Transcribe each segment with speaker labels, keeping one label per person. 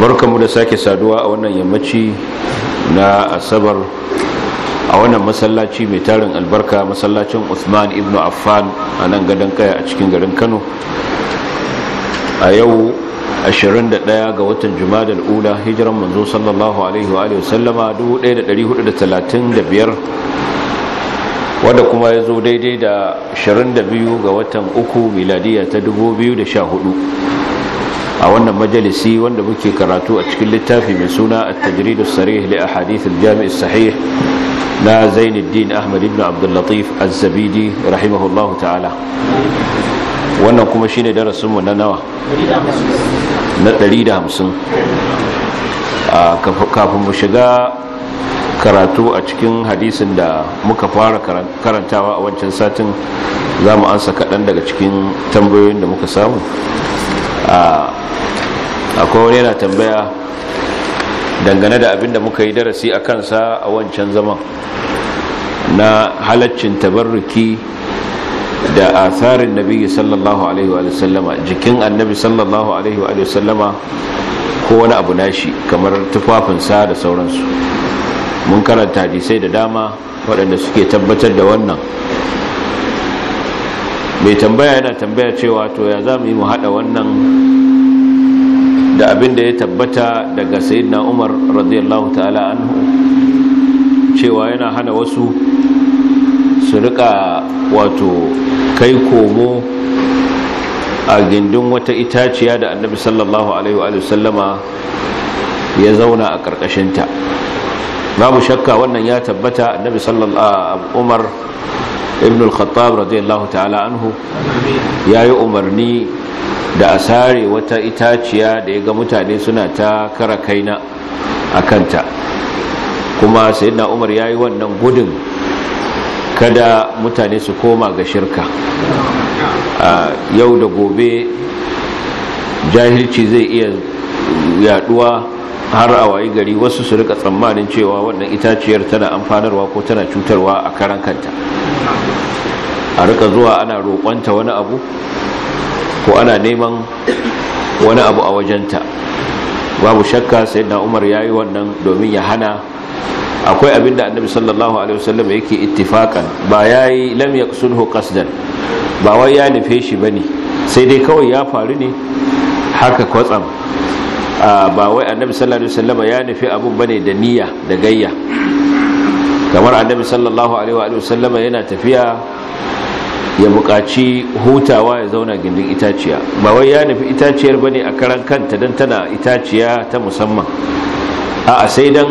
Speaker 1: barkamu da sake saduwa a wannan yammaci na asabar a wannan masallaci mai tarin albarka masallacin usman ibn affan a nan gadon kaya a cikin garin kano a yau 21 ga watan jumadal ula hijiran manzo sallallahu alaihi wa alihi wasallama 1435 wanda kuma ya zo daidai da 22 ga watan uku miladiya ta 2014 a wannan majalisi wanda muke karatu a cikin littafi mai suna at-tajrid as-sarih li ahadith al-jami' sahih na Zainuddin Ahmad ibn abdullatif Latif Az-Zabidi rahimahullahu ta'ala wannan kuma shine darasin mu na nawa na 150 kafin mu shiga karatu a cikin hadisin da muka fara karantawa a wancan satin za mu ansa kaɗan daga cikin tambayoyin da muka samu akwai wani yana tambaya dangane da abin da muka yi darasi a kansa a wancan zaman na halaccin tabarruki da asarin nabi sallallahu alaihi wa sallama jikin annabi sallallahu alaihi wa sallama ko wani abu nashi kamar tufafinsa da sauransu mun karanta hadisai da dama waɗanda suke tabbatar da wannan mai tambaya yana tambaya cewa to ya za mu yi mu haɗa wannan da abin da ya tabbata daga sayyidina umar radiyallahu ta'ala anhu cewa yana hana wasu su rika wato kai komo a gindin wata itaciya da annabi sallallahu alaihi wa sallama ya zauna a ƙarƙashinta babu shakka wannan ya tabbata annabi sallallahu ah, umar ibn al-khattab radiyallahu ta'ala anhu yayi umarni da a sare wata itaciya da ya ga mutane suna ta kara kaina a kanta kuma na umar ya yi wannan gudun kada mutane su koma ga shirka a yau da gobe jahilci zai iya yaduwa har a wayi gari wasu su rika tsammanin cewa wannan itaciyar tana amfanarwa ko tana cutarwa a karan kanta a rika zuwa ana roƙonta wani abu ko ana neman wani abu a wajenta babu shakka sai na umar ya yi wannan domin ya hana akwai abin da annabi sallallahu alaihi wasallam yake ittifakan ba ya yi lam ya sulhu kasdan ba wai ya nufe shi ba ne sai dai kawai ya faru ne haka kwatsam ba wai annabi sallallahu alaihi wasallam ya nufi abun bane da niyya da gayya kamar annabi sallallahu alaihi wasallam yana tafiya ya buƙaci hutawa ya zauna gindin itaciya ba wai ya nufi itaciyar bane a karan kanta don tana itaciya ta musamman a sai dan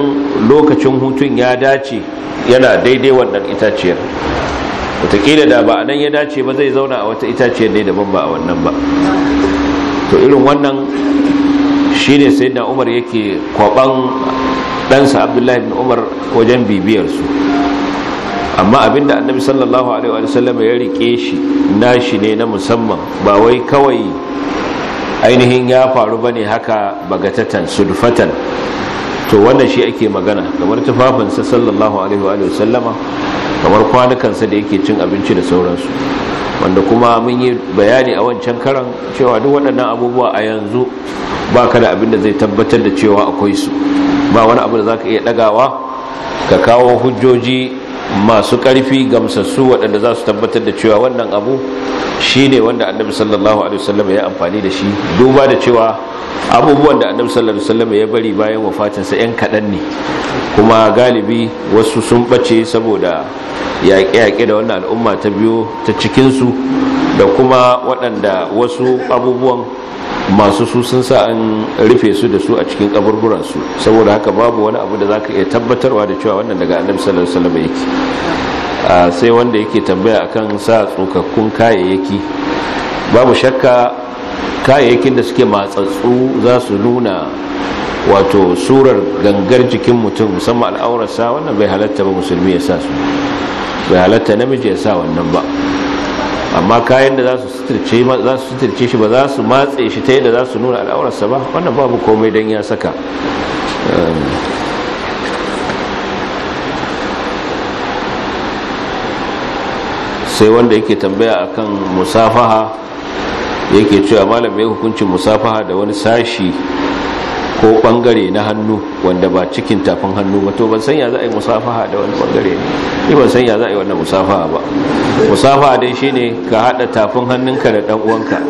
Speaker 1: lokacin hutun ya dace yana daidai wannan itaciyar wataƙila da ba a nan ya dace ba zai zauna a wata itaciyar dai daban ba a wannan ba to irin wannan shi ne sai na umar yake kwaban ɗansa abdullahi bin umar wajen bibiyarsu amma abinda annabi sallallahu alaihi wa sallam ya rike shi nashi ne na musamman ba wai kawai ainihin ya faru bane haka bagatatan sudfatan to wannan shi ake magana kamar sa sallallahu alaihi wa sallama kamar kwanukansa da yake cin abinci da sauransu wanda kuma mun yi bayani a wancan karan cewa duk waɗannan abubuwa a yanzu ba ka da abin da zai tabbatar da cewa akwai su ba wani abu da zaka iya ɗagawa ka kawo hujjoji masu ƙarfi gamsassu waɗanda za su tabbatar da cewa wannan abu shi ne wanda annabi sallallahu alaihi wasallam ya amfani da shi duba da cewa abubuwan da annabi sallallahu alaihi wasallam ya bari bayan wafatinsa 'yan kaɗan ne kuma galibi wasu sun ɓace saboda yaƙe-yaƙe da wannan al'umma ta biyo ta cikinsu da kuma waɗanda wasu abubuwan masu su sun sa an rufe su da su a cikin su saboda haka babu wani abu da zaka iya tabbatarwa da cewa wannan daga annabi sallallahu alaihi wasallam yake ah, sai wanda yake tambaya akan sa tsukakkun kayayyaki babu shakka kayayyakin da suke matsatsu za su nuna wato surar gangar jikin mutum musamman al'aurarsa wannan bai halatta ba musulmi ya sa su bai halatta namiji ya sa wannan ba amma kayan da za su suturce shi ba za su matse shi ta yadda za su nuna al'aurarsa ba wannan babu komai don ya saka um, sai wanda yake tambaya akan musafaha yake cewa malam mai hukuncin musafaha da wani sashi ko bangare na hannu wanda ba cikin tafin hannu ba to ban san ya za a yi musafaha da wani bangare ni ban san ya za a yi wannan musafaha ba musafaha dai shine ka hada tafin hannunka da dan uwanka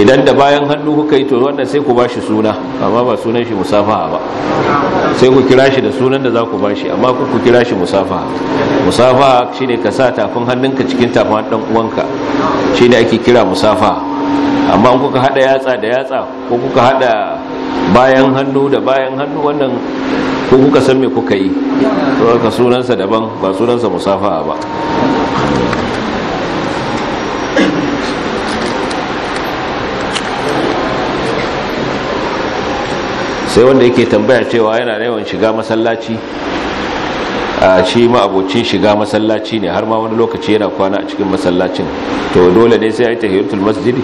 Speaker 1: idan da bayan hannu kuka yi to wannan sai ku bashi suna amma ba sunan shi musafaha ba sai ku kira shi da sunan da za ku bashi amma ku ku kira shi musafaha musafaha shine ka sa tafin hannunka cikin tafin dan uwanka shine ake kira musafaha amma in kuka hada yatsa da yatsa ko kuka hada bayan hannu da bayan hannu wannan ko kuka san me kuka yi to ka sunansa daban ba sunansa musafa ba sai wanda yake tambaya cewa yana da yawan shiga masallaci a shi ma'abocin shiga masallaci ne har ma wani lokaci yana kwana a cikin masallacin to dole ne sai ya yi tahiyatul masjidi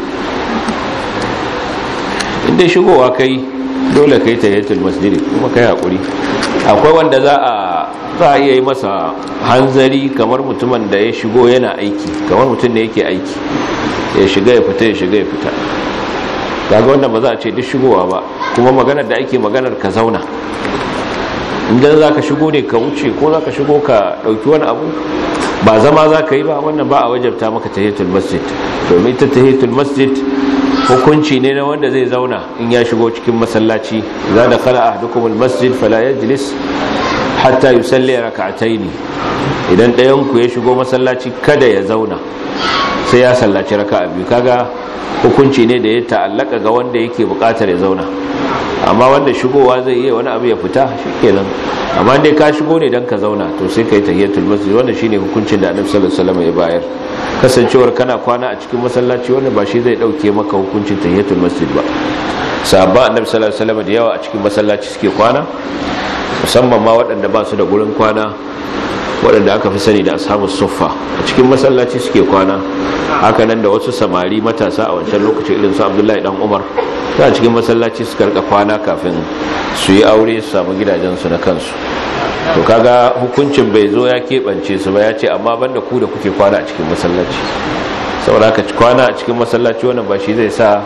Speaker 1: dai shigowa kai dole kai tahiyatul masjid kuma kai hakuri akwai wanda za a za a iya yi masa hanzari kamar mutumin da ya shigo yana aiki kamar mutum da yake aiki ya shiga ya fita ya shiga ya fita daga wanda ba za a ce duk shigowa ba kuma maganar da ake maganar ka zauna idan za ka shigo ne ka wuce ko za ka shigo ka ɗauki wani abu ba zama za ka yi ba wannan ba a wajabta maka tahiyatul masjid domin ta tahiyatul masjid hukunci ne na wanda zai zauna in ya shigo cikin masallaci za da kala a ahdukum almasjid fala yajlis hatta yusalli raka'ataini idan ɗayan ku ya shigo masallaci kada ya zauna sai ya sallaci raka'a biyu kaga hukunci ne da ya ta'allaka ga wanda yake bukatar ya zauna amma wanda shigowa zai iya wani abu ya fita shikenan amma dai ka shigo ne dan ka zauna to sai kai tahiyatul masjid wannan shine hukuncin da Annabi sallallahu alaihi wasallam ya bayar kasancewar kana kwana a cikin masallaci wannan ba shi zai dauke maka hukuncin tahiyatul masjid ba sahabban Annabi sallallahu alaihi wasallam da yawa a cikin masallaci suke kwana musamman ma waɗanda ba su da gurin kwana waɗanda aka fi sani da ashabus suffa a cikin masallaci suke kwana haka nan da wasu samari matasa a wancan lokacin irin su abdullahi dan umar ta cikin masallaci su rika kwana kafin su yi aure su samu gidajensu na kansu to kaga hukuncin bai zo ya keɓance su ba ya ce amma banda ku da kuke kwana a cikin masallaci saboda ka kwana a cikin masallaci wannan ba shi zai sa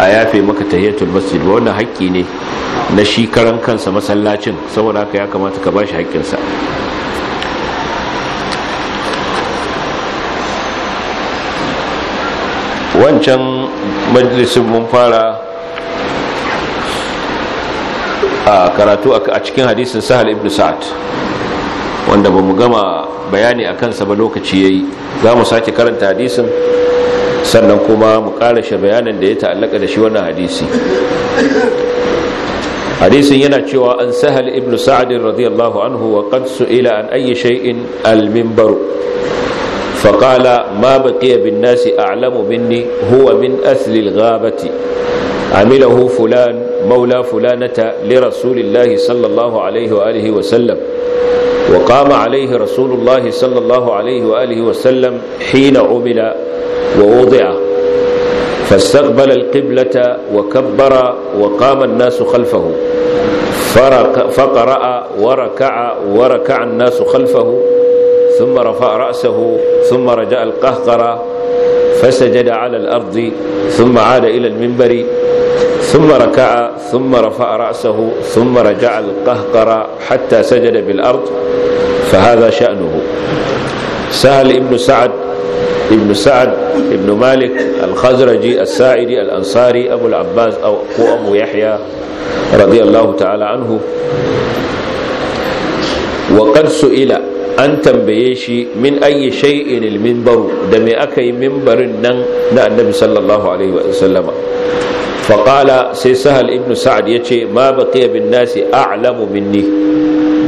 Speaker 1: a yafe maka tahiyatul masjid ba wannan haƙƙi ne na shi karan kansa masallacin saboda haka ya kamata ka bashi haƙƙinsa wancan majalisun mun fara a karatu a cikin hadisin sahal ibn sa'ad wanda ba mu gama bayani a kansa ba lokaci ya yi za mu sake karanta hadisin sannan kuma mu karashe bayanin da ya ta'allaka da shi wannan hadisi hadisin yana cewa an sahal ibn sa'adin radiyallahu anhu wa qad Ila an ayyi shay'in al baro. فقال ما بقي بالناس أعلم مني هو من أثل الغابة عمله فلان مولى فلانة لرسول الله صلى الله عليه وآله وسلم وقام عليه رسول الله صلى الله عليه وآله وسلم حين عمل ووضع فاستقبل القبلة وكبر وقام الناس خلفه فقرأ وركع وركع الناس خلفه ثم رفع رأسه ثم رجع القهقرة فسجد على الأرض ثم عاد إلى المنبر ثم ركع ثم رفع رأسه ثم رجع القهقرة حتى سجد بالأرض فهذا شأنه سهل ابن سعد ابن سعد ابن مالك الخزرجي الساعدي الأنصاري أبو العباس أو أبو يحيى رضي الله تعالى عنه وقد سئل an tambaye shi min ayi shay'in al-minbaru da me aka yi minbarin nan na annabi sallallahu alaihi wa sallama fa qala sai sahal ibn sa'ad yace ma baqiya bin nasi a'lamu minni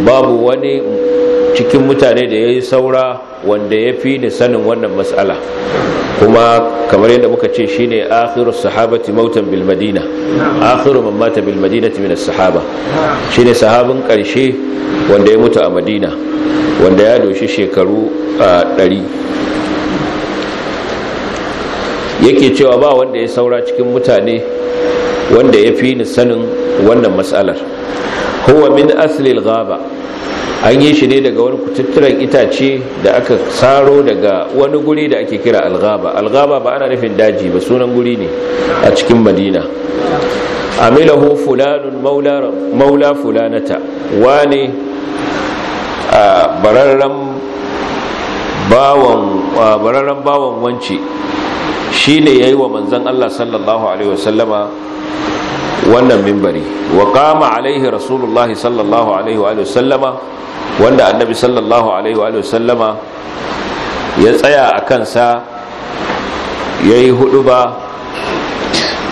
Speaker 1: babu wani cikin mutane da yayi saura wanda ya fi ni sanin wannan matsala kuma kamar yadda muka ce shine akhiru sahabati mautan bil madina akhiru man mata bil madinati min as-sahaba sahabin karshe wanda ya mutu a madina wanda ya doshi shekaru 100 yake cewa ba wanda ya saura cikin mutane wanda ya fi ni sanin wannan matsalar huwa min aslil gaba an yi shi ne daga wani kututturen itace da aka saro daga wani guri da ake kira algaba algaba ba ana nufin daji ba sunan guri ne a cikin madina amilahu fulanun maula fulanata wane a bararren bawan wance shi ne ya yi wa manzan Allah sallallahu Alaihi wasallama wannan mimbari wa kama alaihi rasulullah sallallahu alaihi wa sallama wanda annabi sallallahu alaihi wa sallama ya tsaya a kansa ya yi huduba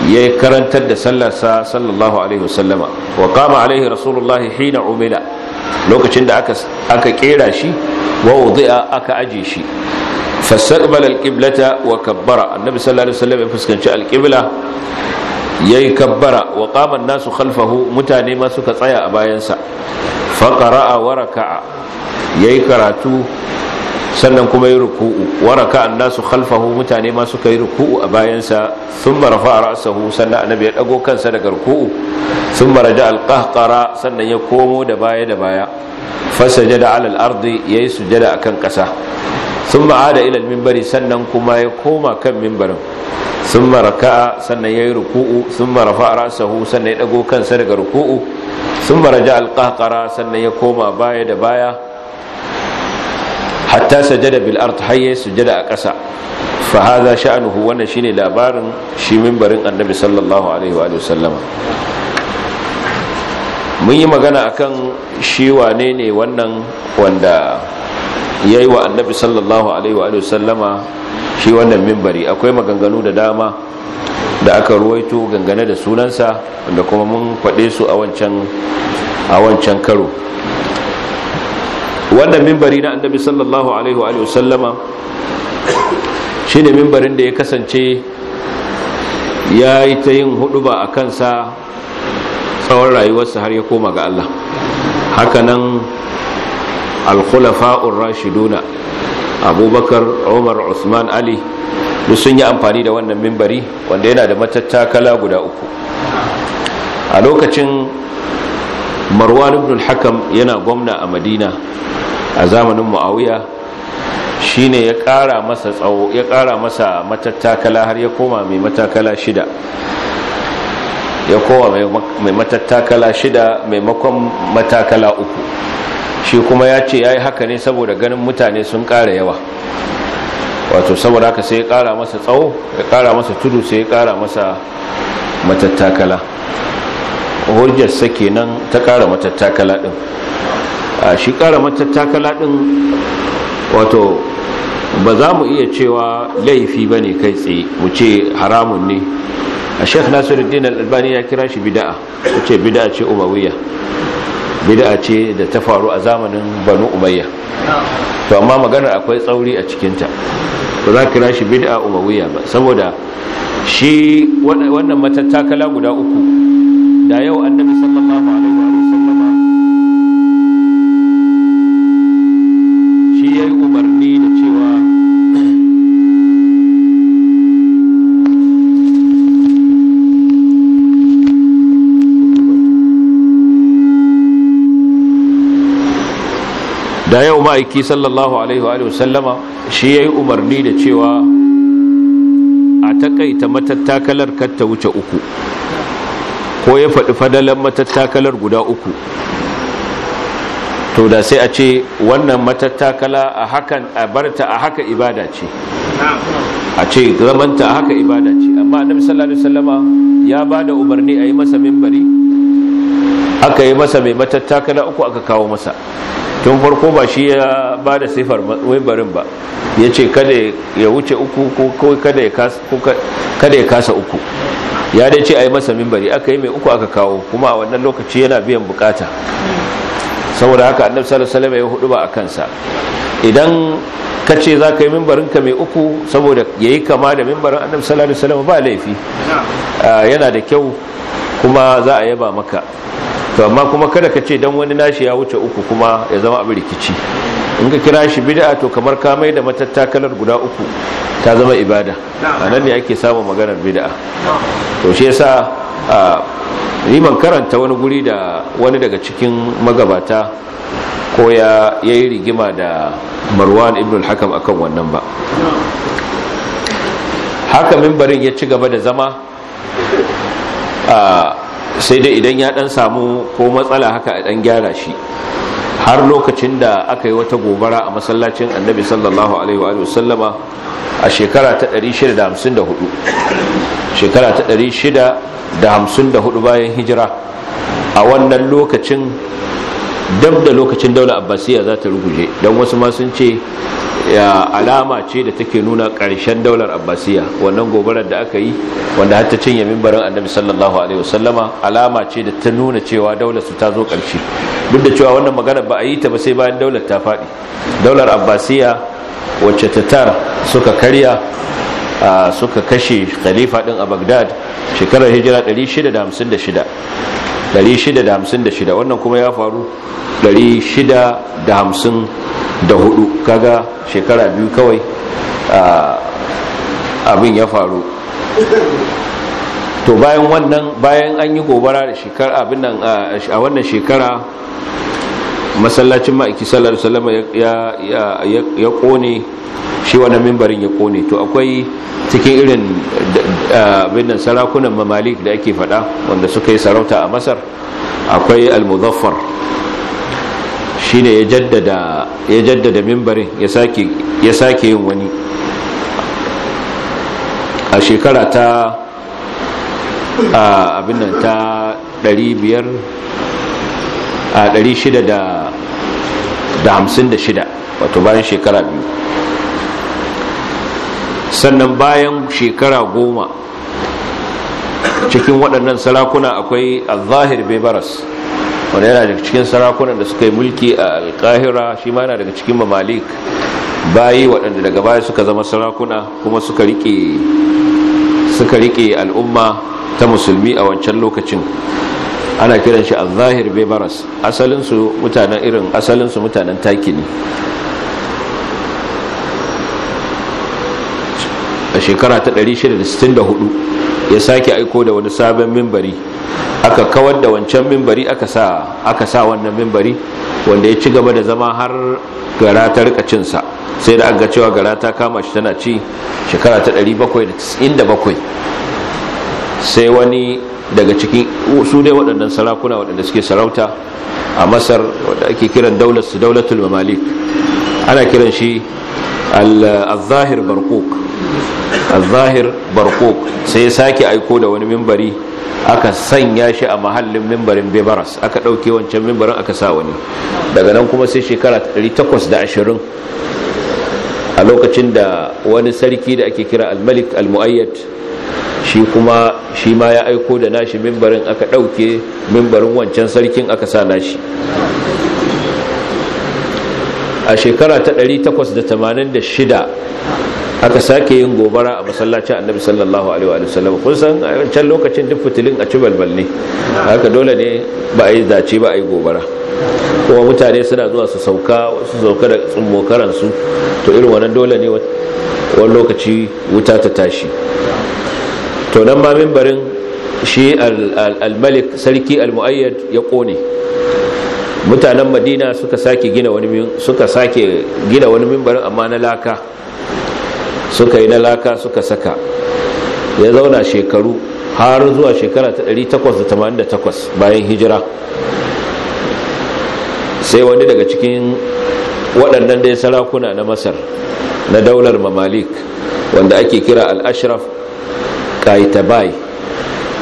Speaker 1: ya yi karantar da sallarsa sallallahu alaihi wa sallama wa kama alaihi rasulullahi hina umila lokacin da aka kera shi wa wuzi'a aka aje shi fastaqbala alqiblata wa kabbara annabi sallallahu alaihi wa wasallam ya fuskanci alqibla yayi kabbara wa qama an-nasu khalfahu mutane ma suka tsaya a bayansa faƙara'a waraka'a ya yi karatu sannan kuma yi ruku'u waraka an su khalfahu mutane ma suka yi ruku'u a bayansa sun mara fa'ar asahu sannan annabi ya ɗago kansa daga ruku'u sun mara ja alƙahƙara sannan ya komo da baya da baya fasaje da alal ardi ya yi sujada a kan ƙasa sun ma'ada ilal mimbari sannan kuma ya koma kan mimbarin sun mara ka'a sannan ya yi ruku'u sun mara fa'ar asahu sannan ya ɗago kansa daga ruku'u sun maraja alƙaƙara sannan ya koma baya da baya hatta sajada bil haye hayya sujada a ƙasa fa hadha sha'nuhu wannan shine labarin shi mimbarin annabi sallallahu alaihi wa sallama mun yi magana akan shi wane ne wannan wanda ya yi wa annabi sallallahu alaihi wa sallama shi wannan mimbari akwai maganganu da dama da aka ruwaito gangane da sunansa da kuma mun faɗe su a wancan karo wanda mimbari na annabi sallallahu alaihi wa sallama shi ne mimbarin da ya kasance ya yi ta yin huduba a kansa tsawon rayuwarsa har ya koma ga Allah hakanan alkhulafa'ur rashiduna abubakar umar usman ali duk sun yi amfani da wannan mimbari wanda yana da matattakala guda uku a lokacin marwan ibn hakam yana gwamna a madina a zamanin muawiya shine ya kara masa tsawo ya kara masa matattakala har ya koma mai matakala shida ya kowa mai matattakala shida maimakon matakala uku shi kuma ya ce ya yi haka ne saboda ganin mutane sun kara yawa wato saboda haka sai ya kara masa tsawo ya kara masa tudu sai ya kara masa matattakala hujjarsa kenan ta kara matattakala din a shi kara matattakala din wato ba za mu iya cewa laifi ba ne kai tsaye mu ce haramun ne a sheikh albani ya kira shi bida'a ku ce bida'a ce umawiya bid'a ce da ta faru a zamanin banu umayya to amma maganar akwai tsauri a cikinta ba za kira shi bid'a umayya ba saboda shi wannan matattakala guda uku da yau annabi sallallahu alaihi wa sallama shi yayi umarni da yau ma'aiki sallallahu alaihi wa sallama shi ya yi umarni da cewa a takaita matattakalar ta wuce uku ko ya faɗi fadalan matattakalar guda uku to da sai a ce wannan matattakala a hakan a barta a haka ibada ce a ce zamanta a haka ibada ce amma annabi sallallahu alaihi wasallama ya bada umarni a yi masa mimbari aka yi masa mai matattakala uku aka kawo masa tun farko ba shi ya ba da sifar barin ba ya ce kada ya wuce uku ko kada ya kasa uku ya dai ce a yi masa mimbari aka yi mai uku aka kawo kuma a wannan lokaci yana biyan bukata saboda haka annabi sallallahu alaihi ya hudu ba a kansa idan ka ce za ka yi ka mai uku saboda ya yi kama da mimbarin annabi sallallahu alaihi ba laifi ah, yana da kyau kuma za a yaba maka to amma kuma kada ka ce dan wani nashi ya wuce uku kuma ya zama abin rikici in ka kira shi bid'a to kamar ka mai da matattakalar guda uku ta zama ibada a nan ne ake samun maganar bid'a to shi yasa riman karanta wani guri da wani daga cikin magabata ko ya yi rigima da marwan ibn al-hakam akan wannan ba haka mimbarin ya ci gaba da zama a sai dai idan ya dan samu ko matsala haka a dan gyara shi har lokacin da aka yi wata gobara a masallacin annabi sallallahu alaihi wa sallama a shekara ta 654 shekara ta 654 bayan hijira a wannan lokacin dab da lokacin daular abbasiya za ta ruguje don wasu ma sun ce alama ce da take nuna ƙarshen daular abbasiya wannan gobarar da aka yi wanda har ta cinye mimbarin annabi sallallahu alaihi wasallama alama ce da ta nuna cewa daular su ta zo ƙarshe duk da cewa wannan magana ba a yi ta ba sai bayan daular ta faɗi daular abbasiya wacce tatar suka karya suka kashe khalifa din a Baghdad shekarar hijira 656 656 wannan kuma ya faru 654 kaga shekara biyu kawai abin ya faru to bayan wannan bayan an yi gobara da shekara abin nan a wannan shekara masallacin ma'aiki sallallahu salama ya kone shi wani mimbarin ya kone to akwai cikin irin abin sarakunan mamalik da ake fada wanda suka yi sarauta a masar akwai almuzaffar shi ne ya jaddada mimbarin ya sake yin wani a shekara ta abin ta 500 656 wato bayan shekara biyu sannan bayan shekara goma cikin waɗannan sarakuna akwai al-zahir bebaras wanda yana daga cikin sarakunan da suka yi mulki a alkahira shi ma yana daga cikin mamalik bayi waɗanda daga baya suka zama sarakuna kuma suka rike al'umma ta musulmi a wancan lokacin ana kiran shi al-zahir bai baras asalinsu mutanen irin asalinsu mutanen taki ne a shekara ta 664 ya sake aiko da wani sabon mimbari aka kawar da wancan mimbari aka sa aka sa wannan mimbari wanda ya ci gaba da zama har gara ta rika cinsa sai da aka cewa gara ta kama shi tana ci shekara ta 797 sai wani daga cikin su dai waɗannan sarakuna waɗanda suke sarauta a masar wadda ake kiran daular daulatul mamalik ana kiran shi al-zahir barkuk al-zahir barkuk sai sake aiko da wani mimbari aka sanya shi a mahallin mimbarin bebaras aka ɗauke wancan mimbarin aka sa wani daga nan kuma sai shekara 820 a lokacin da wani sarki da ake kira al-malik al-mu'ayyad shi kuma shi ma ya aiko da nashi mimbarin aka ɗauke mimbarin wancan sarkin aka sa nashi a shekara ta 886 aka sake yin gobara a masallacin annabi sallallahu alaihi wa sallam, kun san a lokacin duk fitilin a cibalbal ne haka dole ne ba a yi zace ba a yi gobara kuma mutane suna zuwa su sauka su sauka da tsummokaransu to irin wannan dole ne wani lokaci wuta ta tashi to nan ma mimbarin shi al-malik sarki al-mu'ayyad ya kone mutanen madina suka sake gina wani suka sake gina wani mimbarin amma na laka suka yi na laka suka saka ya zauna shekaru har zuwa shekara ta 888 bayan hijira sai wani daga cikin waɗannan dai sarakuna na masar na daular mamalik wanda ake kira al-ashraf kaitabai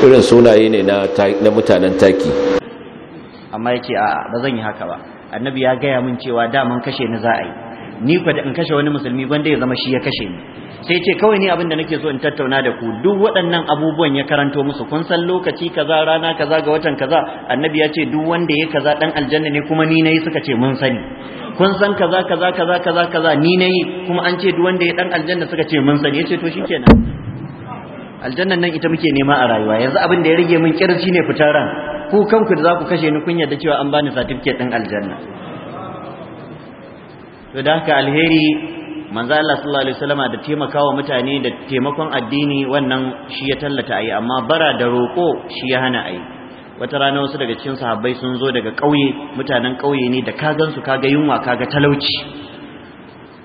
Speaker 1: irin sunaye ne na mutanen taki
Speaker 2: amma ya ce a ba zan yi haka ba annabi ya gaya min cewa daman kashe ni za a yi ni in kashe wani musulmi wanda ya zama shi ya kashe ni sai ce kawai ni abinda nake so in tattauna da ku duk waɗannan abubuwan ya karanto musu kun san lokaci kaza rana kaza ga watan kaza annabi ya ce duk wanda ya kaza dan aljanna ne kuma ni nayi suka ce mun sani kun san kaza kaza kaza kaza kaza ni nayi kuma an ce duk wanda ya dan aljanna suka ce mun sani yace to shikenan aljannan nan ita muke nema a rayuwa yanzu abin da ya rage min kirci ne fitar ran ku kanku da za ku kashe ni kun da cewa an bani certificate din aljanna to da haka alheri manzo Allah sallallahu alaihi wasallama da taimakawa mutane da taimakon addini wannan shi ya tallata ayi amma bara da roko shi ya hana ayi wata rana wasu daga cikin sahabbai sun zo daga ƙauye mutanen ƙauye ne da ka gansu kaga yunwa kaga talauci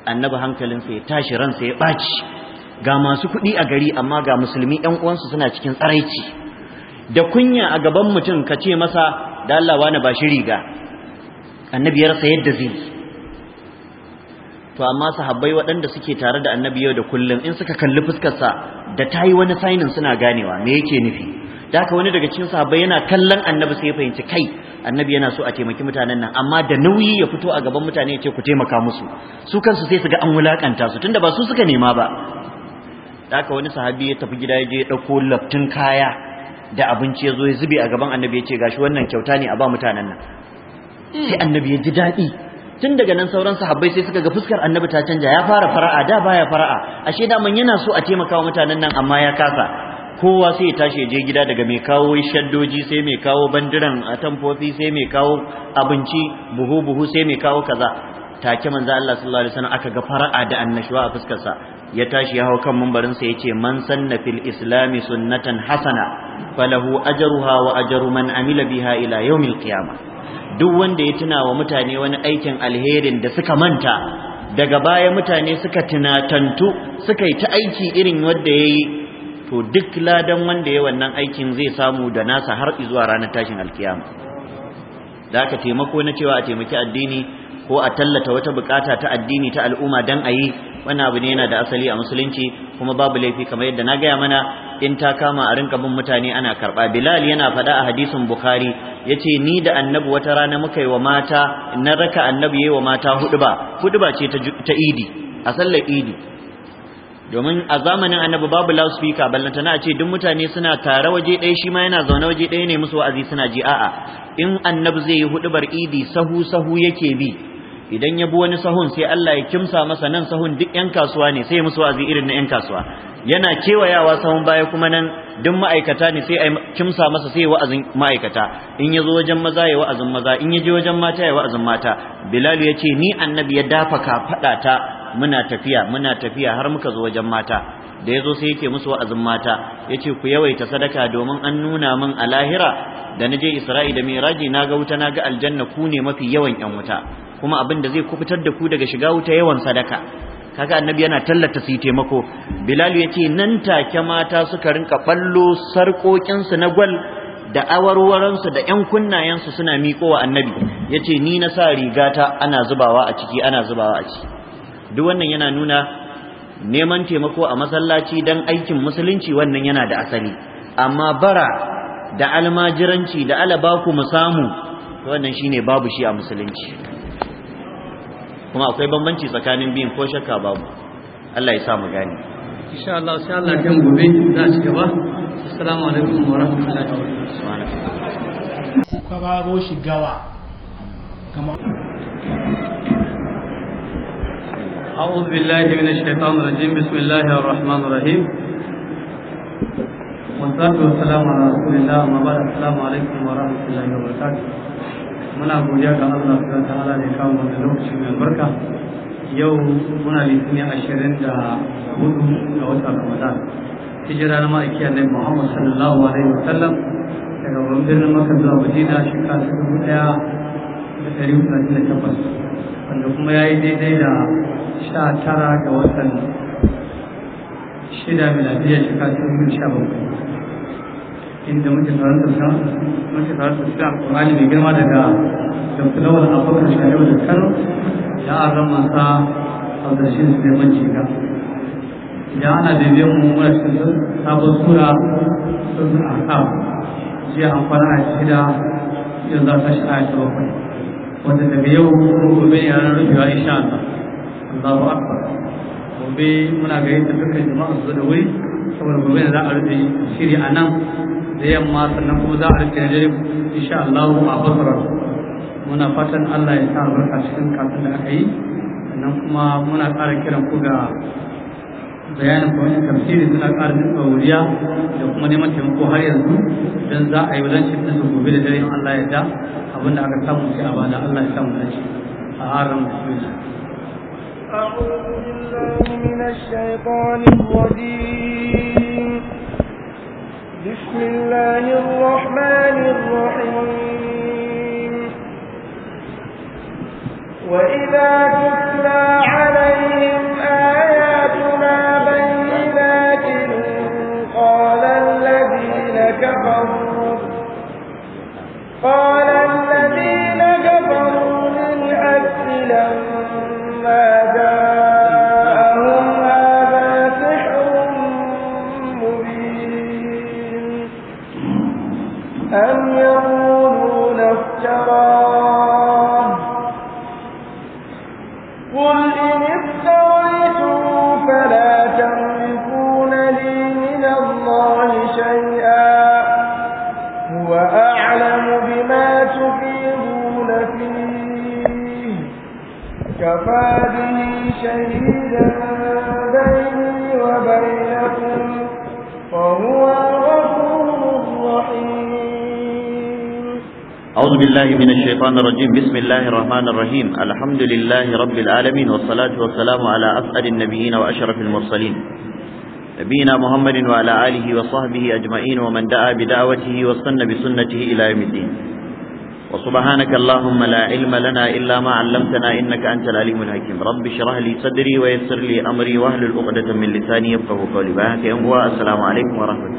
Speaker 2: annabi hankalinsa ya tashi ransa ya baci ga masu kuɗi a gari amma ga musulmi ƴan uwansu suna cikin tsaraici da kunya a gaban mutum ka ce masa da Allah wani ba shi riga annabi ya rasa yadda zai to amma sahabbai waɗanda suke tare da annabi yau da kullum in suka kalli fuskarsa da ta yi wani sainin suna ganewa me yake nufi da haka wani daga cikin sahabai yana kallon annabi sai ya fahimci kai annabi yana so a taimaki mutanen nan amma da nauyi ya fito a gaban mutane ya ce ku taimaka musu su kansu sai su ga an wulakanta su tunda ba su suka nema ba da aka wani sahabi ya tafi gida ya je ya ɗauko laftin kaya da abinci ya zo ya zube a gaban annabi ya ce gashi wannan kyauta ne a ba mutanen nan sai hmm. annabi ya ji daɗi tun daga nan sauran sahabbai sai suka ga fuskar annabi ta canja ya fara fara'a da baya fara'a ashe daman yana so a taimaka wa mutanen nan amma ya kasa kowa sai ya tashi ya je gida daga mai kawo shaddoji sai mai kawo bandiran atamfofi sai mai kawo abinci buhu buhu sai mai kawo kaza take manzo Allah sallallahu alaihi wasallam aka ga fara'a da annashuwa a fuskar sa ya tashi ya hau kan mambarin sa yace man sanna fil islam sunnatan hasana falahu ajruha wa ajru man amila biha ila yawmil qiyamah duk wanda ya tuna wa mutane wani aikin alherin da suka manta daga baya mutane suka tunatantu suka yi ta aiki irin wanda yayi to duk ladan wanda ya wannan aikin zai samu da nasa har zuwa ranar tashin alkiyama da aka taimako na cewa a taimaki addini ko a tallata wata bukata ta addini ta al'umma dan ayi yi wannan abu ne yana da asali a musulunci kuma babu laifi kamar yadda na gaya mana in ta kama a rinka bin mutane ana karba bilal yana faɗa a hadisin bukhari yace ni da annabi wata rana muka yi wa mata na raka annabi yayi wa mata huɗuba huɗuba ce ta idi a sallar idi domin a zamanin annabi babu loudspeaker ballantana a ce duk mutane suna tare waje ɗaya shi ma yana zaune waje ɗaya ne musu wa'azi suna ji a'a in annabi zai yi huɗubar idi sahu sahu yake bi idan ya bi wani sahun sai Allah ya kimsa masa nan sahun duk yan kasuwa ne sai musu wazi irin na yan kasuwa yana kewayawa sahun baya kuma nan duk ma'aikata ne sai a kimsa masa sai wa'azin ma'aikata in ya zo wajen maza ya wa'azin maza in ya je wajen mata ya wa'azin mata bilal ya ce ni annabi ya dafa kafaɗa ta muna tafiya muna tafiya har muka zo wajen mata da ya zo sai yake musu wa'azin mata ya ce ku yawaita sadaka domin an nuna min a lahira da na je isra'i da miraji naga wuta na ga aljanna ku ne mafi yawan yan wuta kuma abin da zai kubutar da ku daga shiga wuta yawan sadaka kaga annabi yana tallata su taimako bilal ya ce nan take mata suka rinka ballo sarƙoƙinsu na gwal da su da ƴan su suna miƙo wa annabi ya ce ni na sa rigata ana zubawa a ciki ana zubawa a ciki duk wannan yana nuna neman taimako a masallaci dan aikin musulunci wannan yana da asali amma bara da almajiranci da alabaku mu samu wannan shine babu shi a musulunci kuma akwai bambanci tsakanin biyun ko shakka babu Allah ya sa mu gane
Speaker 3: insha Allah sai Allah ya gobe za a gaba assalamu alaikum wa rahmatullahi wa
Speaker 1: barakatuh shi gawa
Speaker 3: kamar أعوذ بالله من الشيطان الرجيم بسم الله الرحمن الرحيم والصلاة والسلام على رسول الله السلام عليكم ورحمة الله وبركاته muna godiya ga Allah subhanahu wa ta'ala da kawo wannan lokacin albarka yau muna litinin ashirin da hudu ga watan ramadan hijira na ma'aikiyar annabi muhammad sallallahu alaihi wa sallam daga wurin birnin makka zuwa madina shekara ta dubu daya da ɗari hudu da takwas wanda kuma ya yi daidai da sha tara ga watan shida miladiyar shekara ta dubu sha bakwai inda muke sauran sassan muke sauran sassan alƙur'ani mai girma daga jamfilawar abokan shari'a da kan ya aran masa abdashin su neman shiga ya ana da biyan mu muna cikin sabon sura sun a kam jiya a fara a shida yanzu a tashi a ta bakwai wanda daga yau gobe ya ranar rufewa insha Allah Allahu Akbar gobe muna gayyata dukkan jama'a su da wuri saboda gobe za a rufe shiri a nan da yamma sannan kuma za a rufe na dare insha Allah a fasara muna fatan Allah ya sa albarka cikin kafin da aka yi sannan kuma muna ƙara kiran ku ga bayanin kuma yin tafsiri suna ƙara jin tsauriya da kuma neman taimako har yanzu don za a yi wajen na da gobe da dare Allah ya da abinda aka samu sai a bada Allah ya samu shi a haram da
Speaker 4: أعوذ بالله من
Speaker 5: الشيطان الرجيم بسم الله الرحمن الرحيم وإذا تتلى عليهم آياتنا بينات قال الذين كفروا قال الذين كفروا من لما أم يقول
Speaker 2: أعوذ بالله من الشيطان الرجيم بسم الله الرحمن الرحيم الحمد لله رب العالمين والصلاة والسلام على أفعل النبيين وأشرف المرسلين نبينا محمد وعلى آله وصحبه أجمعين ومن دعا بدعوته وصن بسنته إلى يوم الدين وسبحانك اللهم لا علم لنا إلا ما علمتنا إنك أنت العليم الحكيم رب شرح لي صدري ويسر لي أمري واهل الأقدة من لساني يبقى قولي بها السلام عليكم ورحمة الله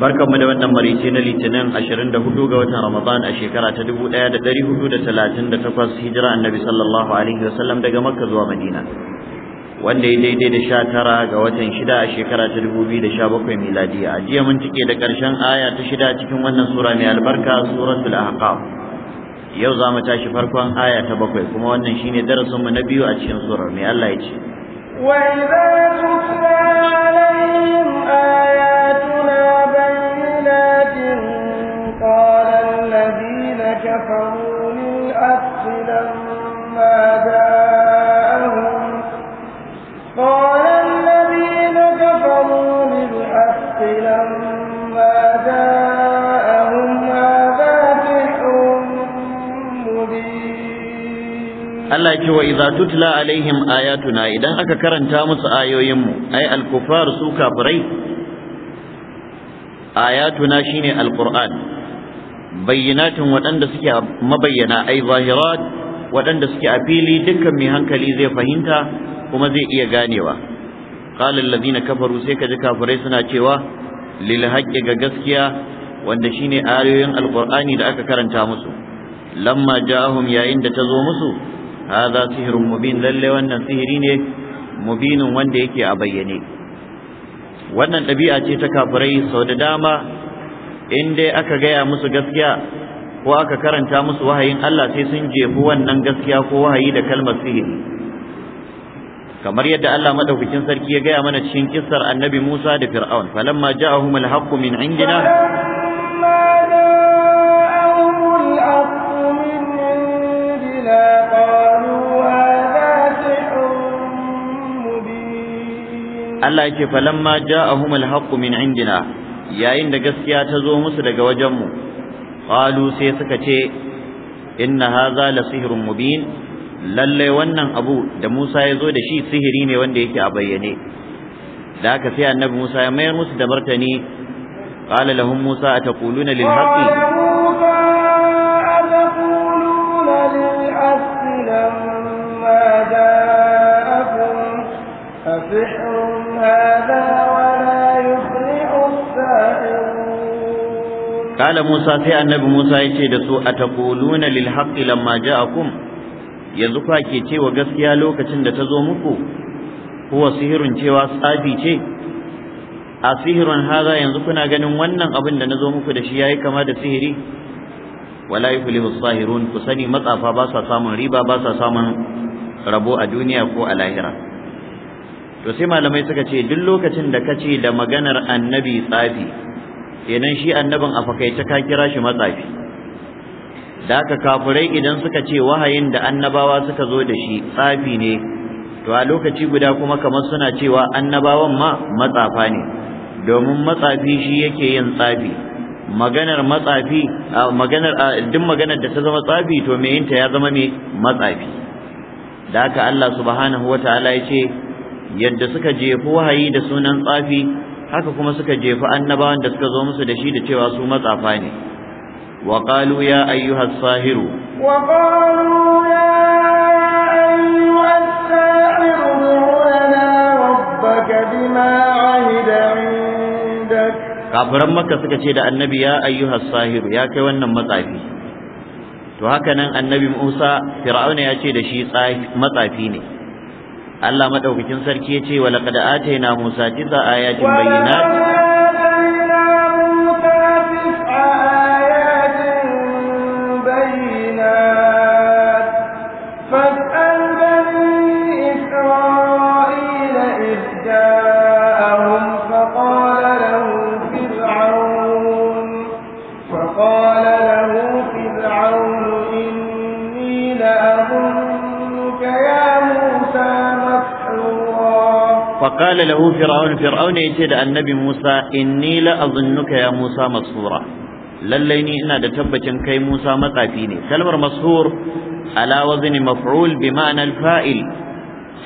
Speaker 2: barkanmu da wannan marice na litinin 24 ga watan ramadan a shekara ta 1438 hijira annabi sallallahu alaihi wasallam daga makka zuwa madina wanda ya daidai da 19 ga watan 6 a shekara ta 2017 miladiya a jiya mun cike da karshen aya ta 6 cikin wannan sura mai albarka suratul ahqaf yau za mu tashi farkon aya ta 7 kuma wannan shine darasin mu na biyu a cikin surar mai Allah ya ce
Speaker 5: وإذا تتلى عليهم آية
Speaker 2: Allah ya ce wa Iza tutla alaihim ayatuna idan aka karanta musu ayoyin mu ai al kufar su kafirai ayatuna shine al-Qur'an bayyinatin waɗanda suke mabayyana ai zahirat waɗanda suke a fili dukkan mai hankali zai fahimta kuma zai iya ganewa qala allazina kafaru sai kaji kafirai suna cewa lil haqqi ga gaskiya wanda shine ayoyin alqur'ani da aka karanta musu lamma ja'ahum yayin da zo musu hadha sihrun mubin lalle wannan sihiri ne mubinin wanda yake a bayyane wannan ɗabi'a ce ta kafirai sau da dama in dai aka gaya musu gaskiya ko aka karanta musu wahayin Allah sai sun jefu wannan gaskiya ko wahayi da kalmar sihiri kamar yadda Allah madaukakin sarki ya gaya mana cikin kissar annabi Musa da Fir'aun falamma ja'ahum al min indina Allah ya ce falamma ja'ahum alhaqqu min indina yayin da gaskiya ta zo musu daga wajen mu qalu sai suka ce inna hadha la sihrun mubin lalle wannan abu da Musa ya zo da shi sihiri ne wanda yake a bayyane da aka sai annabi Musa ya mayar musu da martani qala lahum Musa ataquluna lil haqqi
Speaker 5: لما جاءكم
Speaker 2: qala musa sai annabi musa yace da su a lil haqqi lamma kum yanzu kwa ke cewa gaskiya lokacin da ta zo muku huwa sihirin cewa tsafi ce a sihirun haza yanzu kuna ganin wannan abin da na zo muku da shi ya yi kama da sihiri wala yuflihu sahirun ku sani matsafa ba sa samun riba ba sa samun rabo a duniya ko a lahira to sai malamai suka ce duk lokacin da kace da maganar annabi tsafi kenan shi annabin a fakaita ka kira shi matsafi da haka kafurai idan suka ce wahayin da annabawa suka zo da shi tsafi ne to a lokaci guda kuma kamar suna cewa annabawan ma matsafa ne domin matsafi shi yake yin tsafi maganar matsafi maganar duk maganar da ta zama tsafi to me yinta ya zama me matsafi da haka Allah subhanahu wataala ya ce yadda suka jefu wahayi da sunan tsafi haka kuma suka jefi annabawan da suka zo musu da shi da cewa su matsafa ne wa qalu ya ayyuha sahiru
Speaker 5: wa qalu ya ayyuha sahiru lana rabbaka bima ahida indak
Speaker 2: kafiran makka suka ce da annabi ya ayyuha sahiru ya kai wannan matsafi to haka nan annabi Musa fir'auna ya ce da shi matsafi ne Allah madaukakin sarki ya ce, wa laqad atayna Musa tisa ayatin bayyinat qala lahu fir'aun ya ce da annabi Musa inni la azunnuka ya Musa masura lallai ni ina da tabbacin kai Musa matsafi ne kalmar masur ala wazni maf'ul bi ma'na al-fa'il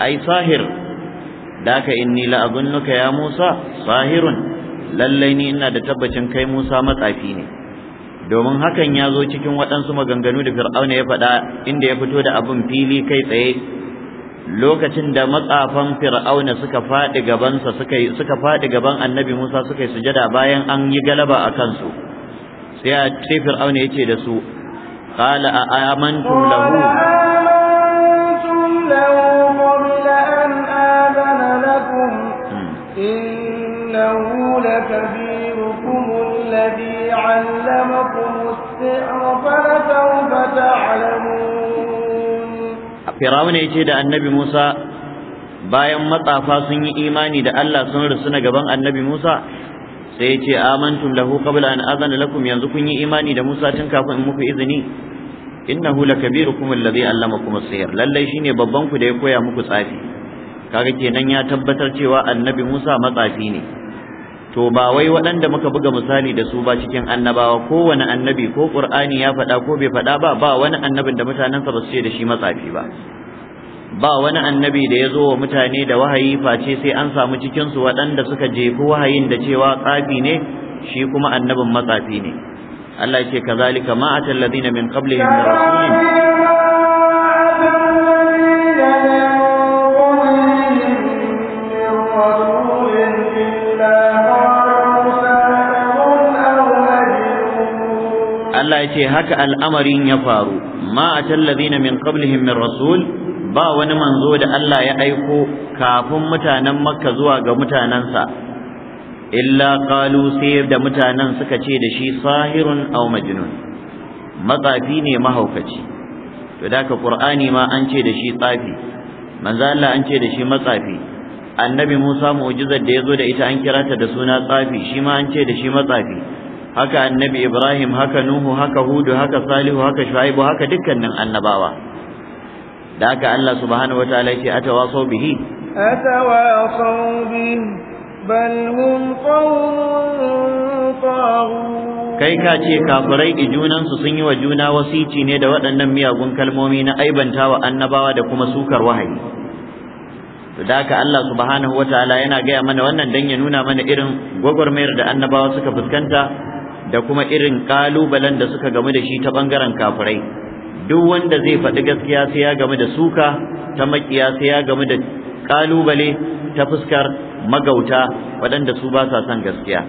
Speaker 2: ay sahir daka inni la azunnuka ya Musa sahirun lallai ni ina da tabbacin kai Musa matsafi ne domin hakan ya zo cikin waɗansu maganganu da fir'auna ya faɗa inda ya fito da abin fili kai tsaye lokacin da matsafan fir'auna suka faɗi gabansa suka suka fadi gaban annabi Musa suka yi sujada bayan an yi galaba akan su sai a ce fir'auna yace da su qala a amantum lahu
Speaker 5: إنه لكبيركم الذي علمكم السحر فلسوف
Speaker 2: firawuna ya ce da annabi musa bayan matsafa sun yi imani da allah sun na gaban annabi musa sai ya ce amantum lahu qabla an azana lakum yanzu kun yi imani da musa tun kafin in muku izini innahu lakabirukum alladhi allamakum as-sihr lallai shine babban ku da ya koya muku tsafi kaga kenan ya tabbatar cewa annabi musa matsafi ne to ba wai waɗanda muka buga misali da su ba cikin annabawa kowane annabi ko qur'ani ya faɗa ko bai faɗa ba ba wani annabin da mutanensa ba su ce da shi matsafi ba ba wani annabi da ya zo wa mutane da wahayi face sai an samu cikinsu waɗanda suka jefi wahayin da cewa tsafi ne shi kuma annabin matsafi ne Allah ya ce kazalika ma atal ladina min
Speaker 5: qablihim min rasulin Thank you.
Speaker 2: Allah ya ce haka al'amarin ya faru ma a tallazina min qablihim min rasul ba wani manzo da Allah ya aiko kafin mutanen makka zuwa ga mutanensa illa qalu sai da mutanen suka ce da shi sahirun aw majnun matsafi ne mahaukaci to da ka qur'ani ma an ce da shi tsafi manzo Allah an ce da shi matsafi annabi Musa mu'jizar da yazo da ita an kira ta da suna tsafi shi ma an ce da shi matsafi haka annabi ibrahim haka nuhu haka hudu haka salihu haka shu'aibu haka dukkanin annabawa da haka allah subhanahu wataala ce atawaso bihi
Speaker 5: atawaso bihi bal hum qawmun
Speaker 2: kai ka ce kafirai ijunan su sun yi wa juna wasici ne da waɗannan miyagun kalmomi na aibantawa annabawa da kuma sukar wahayi to da haka Allah subhanahu wataala yana gaya mana wannan dan ya nuna mana irin gwagwarmayar da annabawa suka fuskanta da kuma irin kalubalen da suka gamu da shi ta bangaren kafirai duk wanda zai faɗi gaskiya sai ya gamu da suka ta makiya sai ya gamu da kalubale ta fuskar magauta waɗanda su ba sa son gaskiya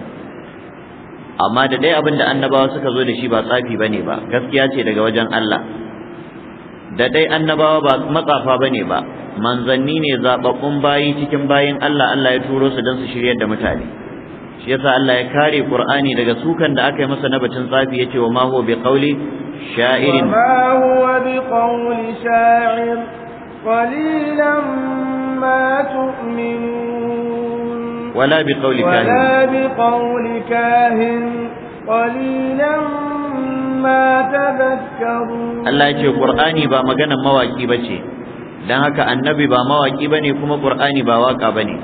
Speaker 2: amma da dai abin da annabawa suka zo da shi ba tsafi bane ba gaskiya ce daga wajen Allah da dai annabawa ba matsafa bane ba manzanni ne zababbun bayi cikin bayin Allah Allah ya turo su don su shiryar da mutane shi yasa Allah ya kare Qur'ani daga sukan da aka yi masa na batun tsafi yace wa ma huwa sha'irin
Speaker 5: ma huwa biqauli sha'ir qalilan ma tu'minun
Speaker 2: wala kahin wala
Speaker 5: kahin qalilan ma tadhakkarun
Speaker 2: Allah yace Qur'ani ba maganan mawaki bace dan haka annabi ba mawaki bane kuma Qur'ani ba waka bane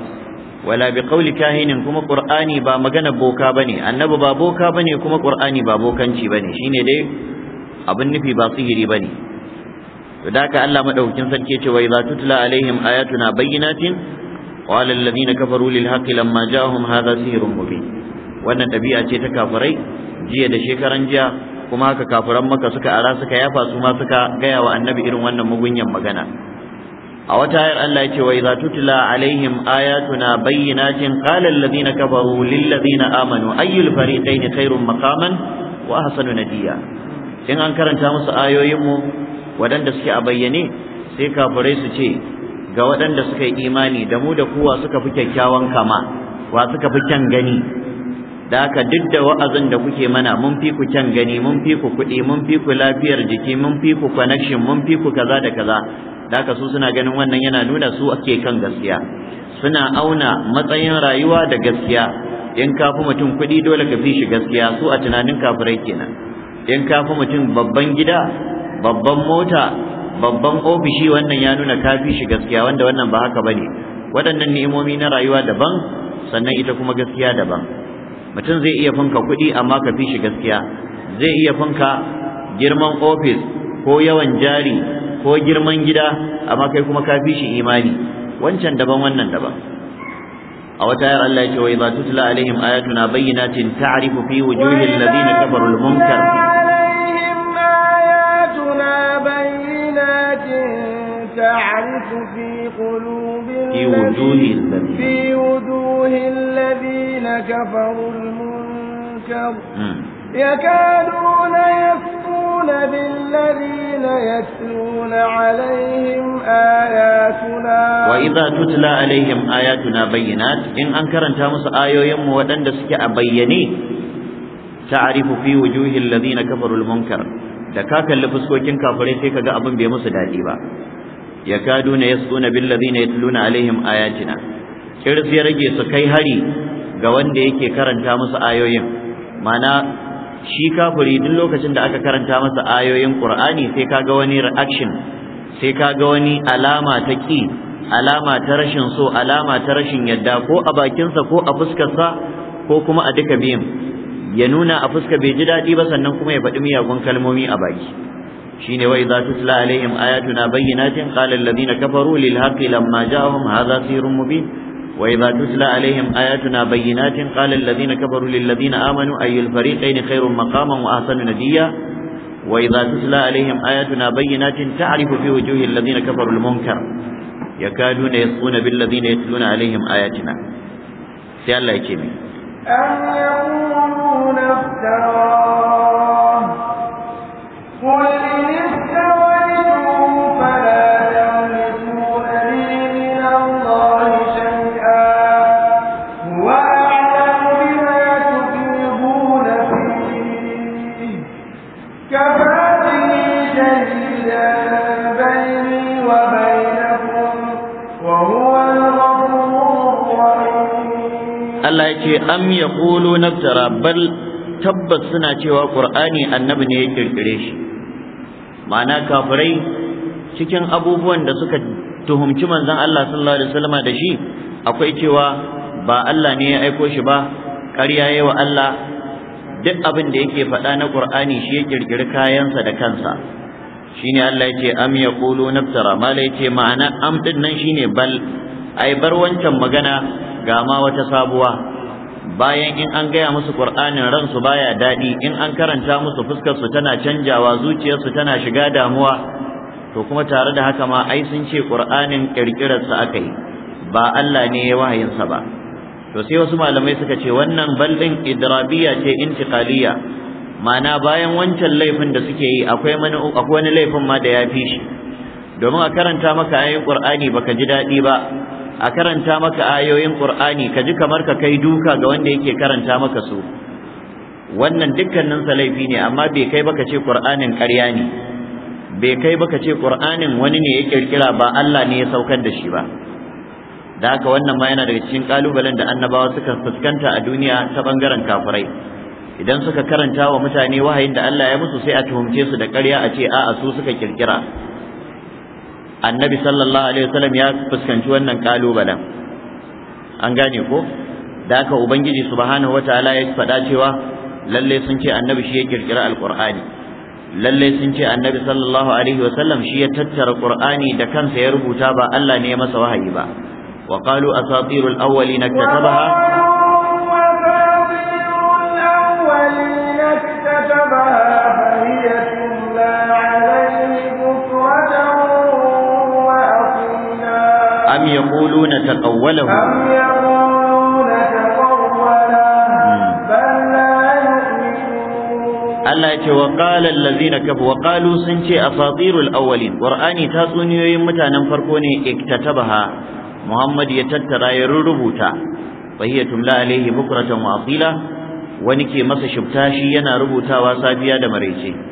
Speaker 2: wala bi qawli kahinin kuma qur'ani ba magana boka bane annabi ba boka bane kuma qur'ani ba bokanci bane shine dai abin nufi ba sihiri bane to da Allah maɗaukin sarki yace wa idza tutla alaihim ayatuna bayyinatin qala alladhina kafaru lil haqqi lamma ja'ahum hadha sihrun mubin wannan ɗabi'a ce ta kafirai jiya da shekaran jiya kuma haka kafiran maka suka ara suka yafa su ma suka gaya wa annabi irin wannan mugunyan magana a wata hayar Allah ce wa idza tutla alaihim ayatuna bayyinatin qala alladhina kafaru lil ladina amanu ayyul fariqayn khairum maqaman wa ahsanu nadiya in an karanta musu ayoyin mu wadanda suke a bayyane sai kafirai su ce ga waɗanda suka yi imani da mu da kuwa suka fi kyakkyawan kama wa suka fi kyan gani da duk da wa'azin da kuke mana mun fi ku can gani mun fi ku kuɗi mun fi ku lafiyar jiki mun fi ku connection mun fi ku kaza da kaza da su suna ganin wannan yana nuna su ake kan gaskiya suna auna matsayin rayuwa da gaskiya in ka fi mutum kuɗi dole ka fi shi gaskiya su a tunanin kafirai kenan in ka fi mutum babban gida babban mota babban ofishi wannan ya nuna ka fi shi gaskiya wanda wannan ba haka bane waɗannan ni'imomi na rayuwa daban sannan ita kuma gaskiya daban mutum zai iya fanka kuɗi amma ka fi shi gaskiya zai iya fanka girman ofis ko yawan jari ko girman gida amma kai kuma ka fi shi imani wancan daban wannan daban a wata ayar Allah ya ce wai ba tutla alaihim ayatuna bayyinatin ta'rifu fi wujuhil ladina kafaru al-munkar
Speaker 5: ayatuna تعرف في قلوب في وجوه
Speaker 4: الذين
Speaker 5: في وجوه الذين كفروا المنكر يكادون يفكون بالذين يتلون عليهم آياتنا وإذا
Speaker 2: تتلى عليهم آياتنا بينات إن أنكرن تامس آيو يم ودن دسك أبيني تعرف في وجوه الذين كفروا المنكر da ka kalli fuskokin kafirai sai kaga abin bai musu dadi ba yakaduna yasquna bil ladina yatluna alaihim ayatina kirs ya rage su kai hari ga wanda yake karanta musu ayoyin mana shi kafuri duk lokacin da aka karanta masa ayoyin ƙur'ani, sai kaga wani reaction sai kaga wani alama ta ki alama ta rashin so alama ta rashin yadda ko a bakinsa ko a fuskarsa ko kuma a duka biyun ya nuna a fuska bai ji daɗi ba sannan kuma ya faɗi miyagun kalmomi a baki shine wa idza tutla alaihim ayatuna bayyinatin qala ladina kafaru lil haqqi lamma ja'ahum hadha sirrun mubin wa idza tutla alaihim ayatuna bayyinatin qala ladina kafaru lil ladina amanu ayyul fariqayn khairum maqaman wa ahsanu nadiya wa idza tutla alaihim ayatuna bayyinatin ta'rifu fi wujuhi alladhina kafaru al munkar yakaduna yasquna bil ladina yatluna alaihim ayatina sai Allah ya ce mai
Speaker 5: أم يقولون افتراه قل
Speaker 2: am yaqulu naftara bal tabbas suna cewa qur'ani annabi ne ya kirkire shi ma'ana kafirai cikin abubuwan da suka tuhumci manzon Allah sallallahu alaihi wasallama da shi akwai cewa ba Allah ne ya aiko shi ba ƙarya yayi wa Allah duk abin da yake faɗa na qur'ani shi ya ƙirƙiri kayansa da kansa shine Allah yake am yaqulu naftara mala yake ma'ana am din nan shine bal ai bar wancan magana ga ma wata sabuwa bayan in an gaya musu qur'anin ransu baya daɗi in an karanta musu fuskar su tana canjawa zuciyarsu tana shiga damuwa to kuma tare da haka ma ai sun ce qur'anin kirkirar sa akai ba Allah ne ya wahayin sa ba to sai wasu malamai suka ce wannan baldin idrabiya ce intiqaliya ma'ana bayan wancan laifin da suke yi akwai akwai wani laifin ma da ya fi shi domin a karanta maka ayoyin qur'ani baka ji daɗi ba a karanta maka ayoyin ƙur'ani, ka ji kamar ka kai duka ga wanda yake karanta maka su wannan dukkanin salafi laifi ne amma bai kai baka ce qur'anin ƙarya ne bai kai baka ce qur'anin wani ne ya kirkira ba Allah ne ya saukar da shi ba da haka wannan ma yana daga cikin ƙalubalen da annabawa suka fuskanta a duniya ta ɓangaren kafirai idan suka karanta wa mutane wahayin da Allah ya musu sai a tuhumce su da ƙarya a ce a'a su suka kirkira annabi sallallahu alaihi wasallam ya fuskanci wannan kalubalen an gane ko da haka ubangiji subhanahu wataala ya faɗa cewa lalle sun ce annabi shi ya kirkira alqur'ani lalle sun ce annabi sallallahu alaihi wasallam shi ya tattara qur'ani da kansa ya rubuta ba Allah ne ya masa wahayi ba wa qalu asatirul awwalin katabaha
Speaker 5: katabaha
Speaker 2: يقولون تقوله Allah ce wa ƙalar lalzina kafa sun ce a fatirul awalin ƙwar'ani ta tsuniyoyin mutanen farko ne iktataba ha Muhammad ya tattara ya rubuta fahiyatun la'alaihi bukuratun wa'afila wani ke masa shubta shi yana rubutawa safiya da maraice.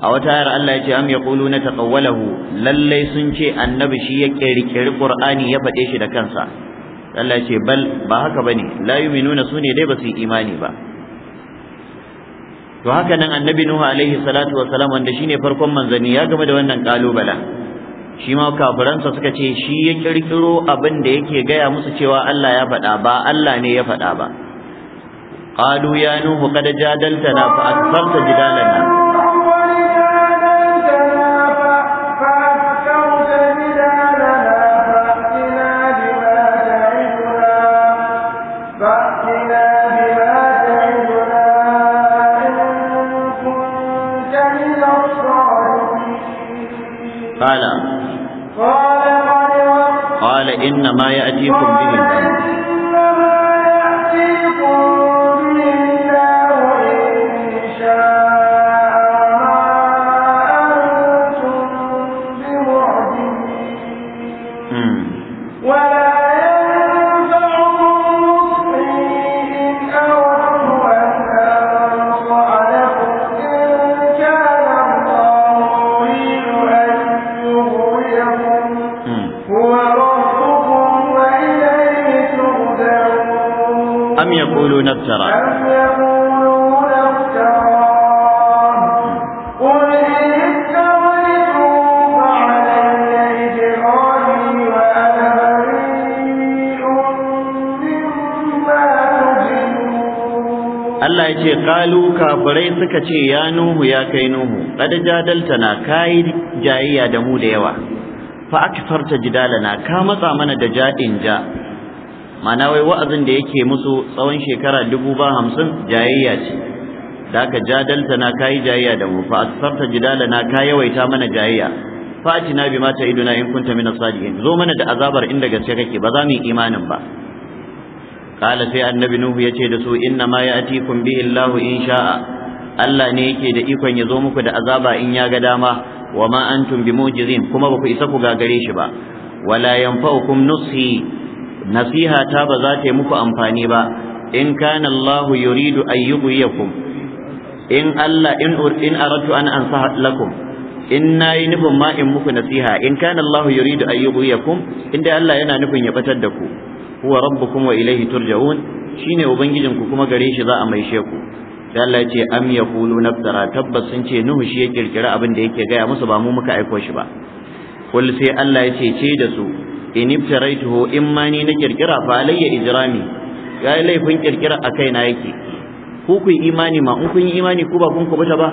Speaker 2: a wata ayar Allah ya ce am yaquluna taqawwalahu lallai sun ce annabi shi ya kirkiri qur'ani ya faɗe shi da kansa Allah ya ce bal ba haka bane la yu'minuna sune dai ba su imani ba to haka nan annabi nuhu alaihi salatu wa salam wanda shine farkon manzanni ya game da wannan kalubala shi ma kafiransa suka ce shi ya kirkiro abin da yake gaya musu cewa Allah ya faɗa ba Allah ne ya faɗa ba qalu ya nuhu qad jadaltana fa akfarta jidalana ma ya'tikum bihi
Speaker 5: افترى
Speaker 2: Allah ya ce ƙalu kafirai suka ce ya Nuhu ya kai Nuhu jadalta na kai jayayya da mu da yawa fa aktarta jidalana ka matsa mana da jadin ja ma'ana wai wa'azin da yake musu tsawon shekara dubu ba hamsin jayayya ce da ka jadalta na kayi jayayya da mu fa asarta jidala na ka yawaita mana jayayya na bi mata iduna in kunta min as-sadiqin zo mana da azabar inda gaske kake ba za mu yi imanin ba qala sai annabi nuhu ce da su inna ma ya'tikum bihi Allahu in sha'a Allah ne yake da ikon ya zo muku da azaba in ya ga dama wa ma antum mujizin kuma ba ku isa ku gagare shi ba wala yanfa'ukum nushi nasiha ta ba za ta yi muku amfani ba in kana Allahu yuridu an yughyikum in Allah in in aratu an ansaha lakum in nayi nufin ma in muku nasiha in kana Allahu yuridu an yughyikum inda Allah yana nufin ya batar da ku huwa rabbukum wa ilayhi turja'un shine ubangijinku kuma gare shi za a maishe ku sai Allah ya ce am naftara tabbas sun ce nuhu shi ya kirkira abin da yake gaya musu ba mu muka aiko shi ba kul sai Allah ya ce ce da su in ibtaraituhu in ma ni na kirkira fa alayya ijrami ya yi laifin kirkira a kaina yake ku ku imani ma in kun yi imani ku ba kun kubuta ba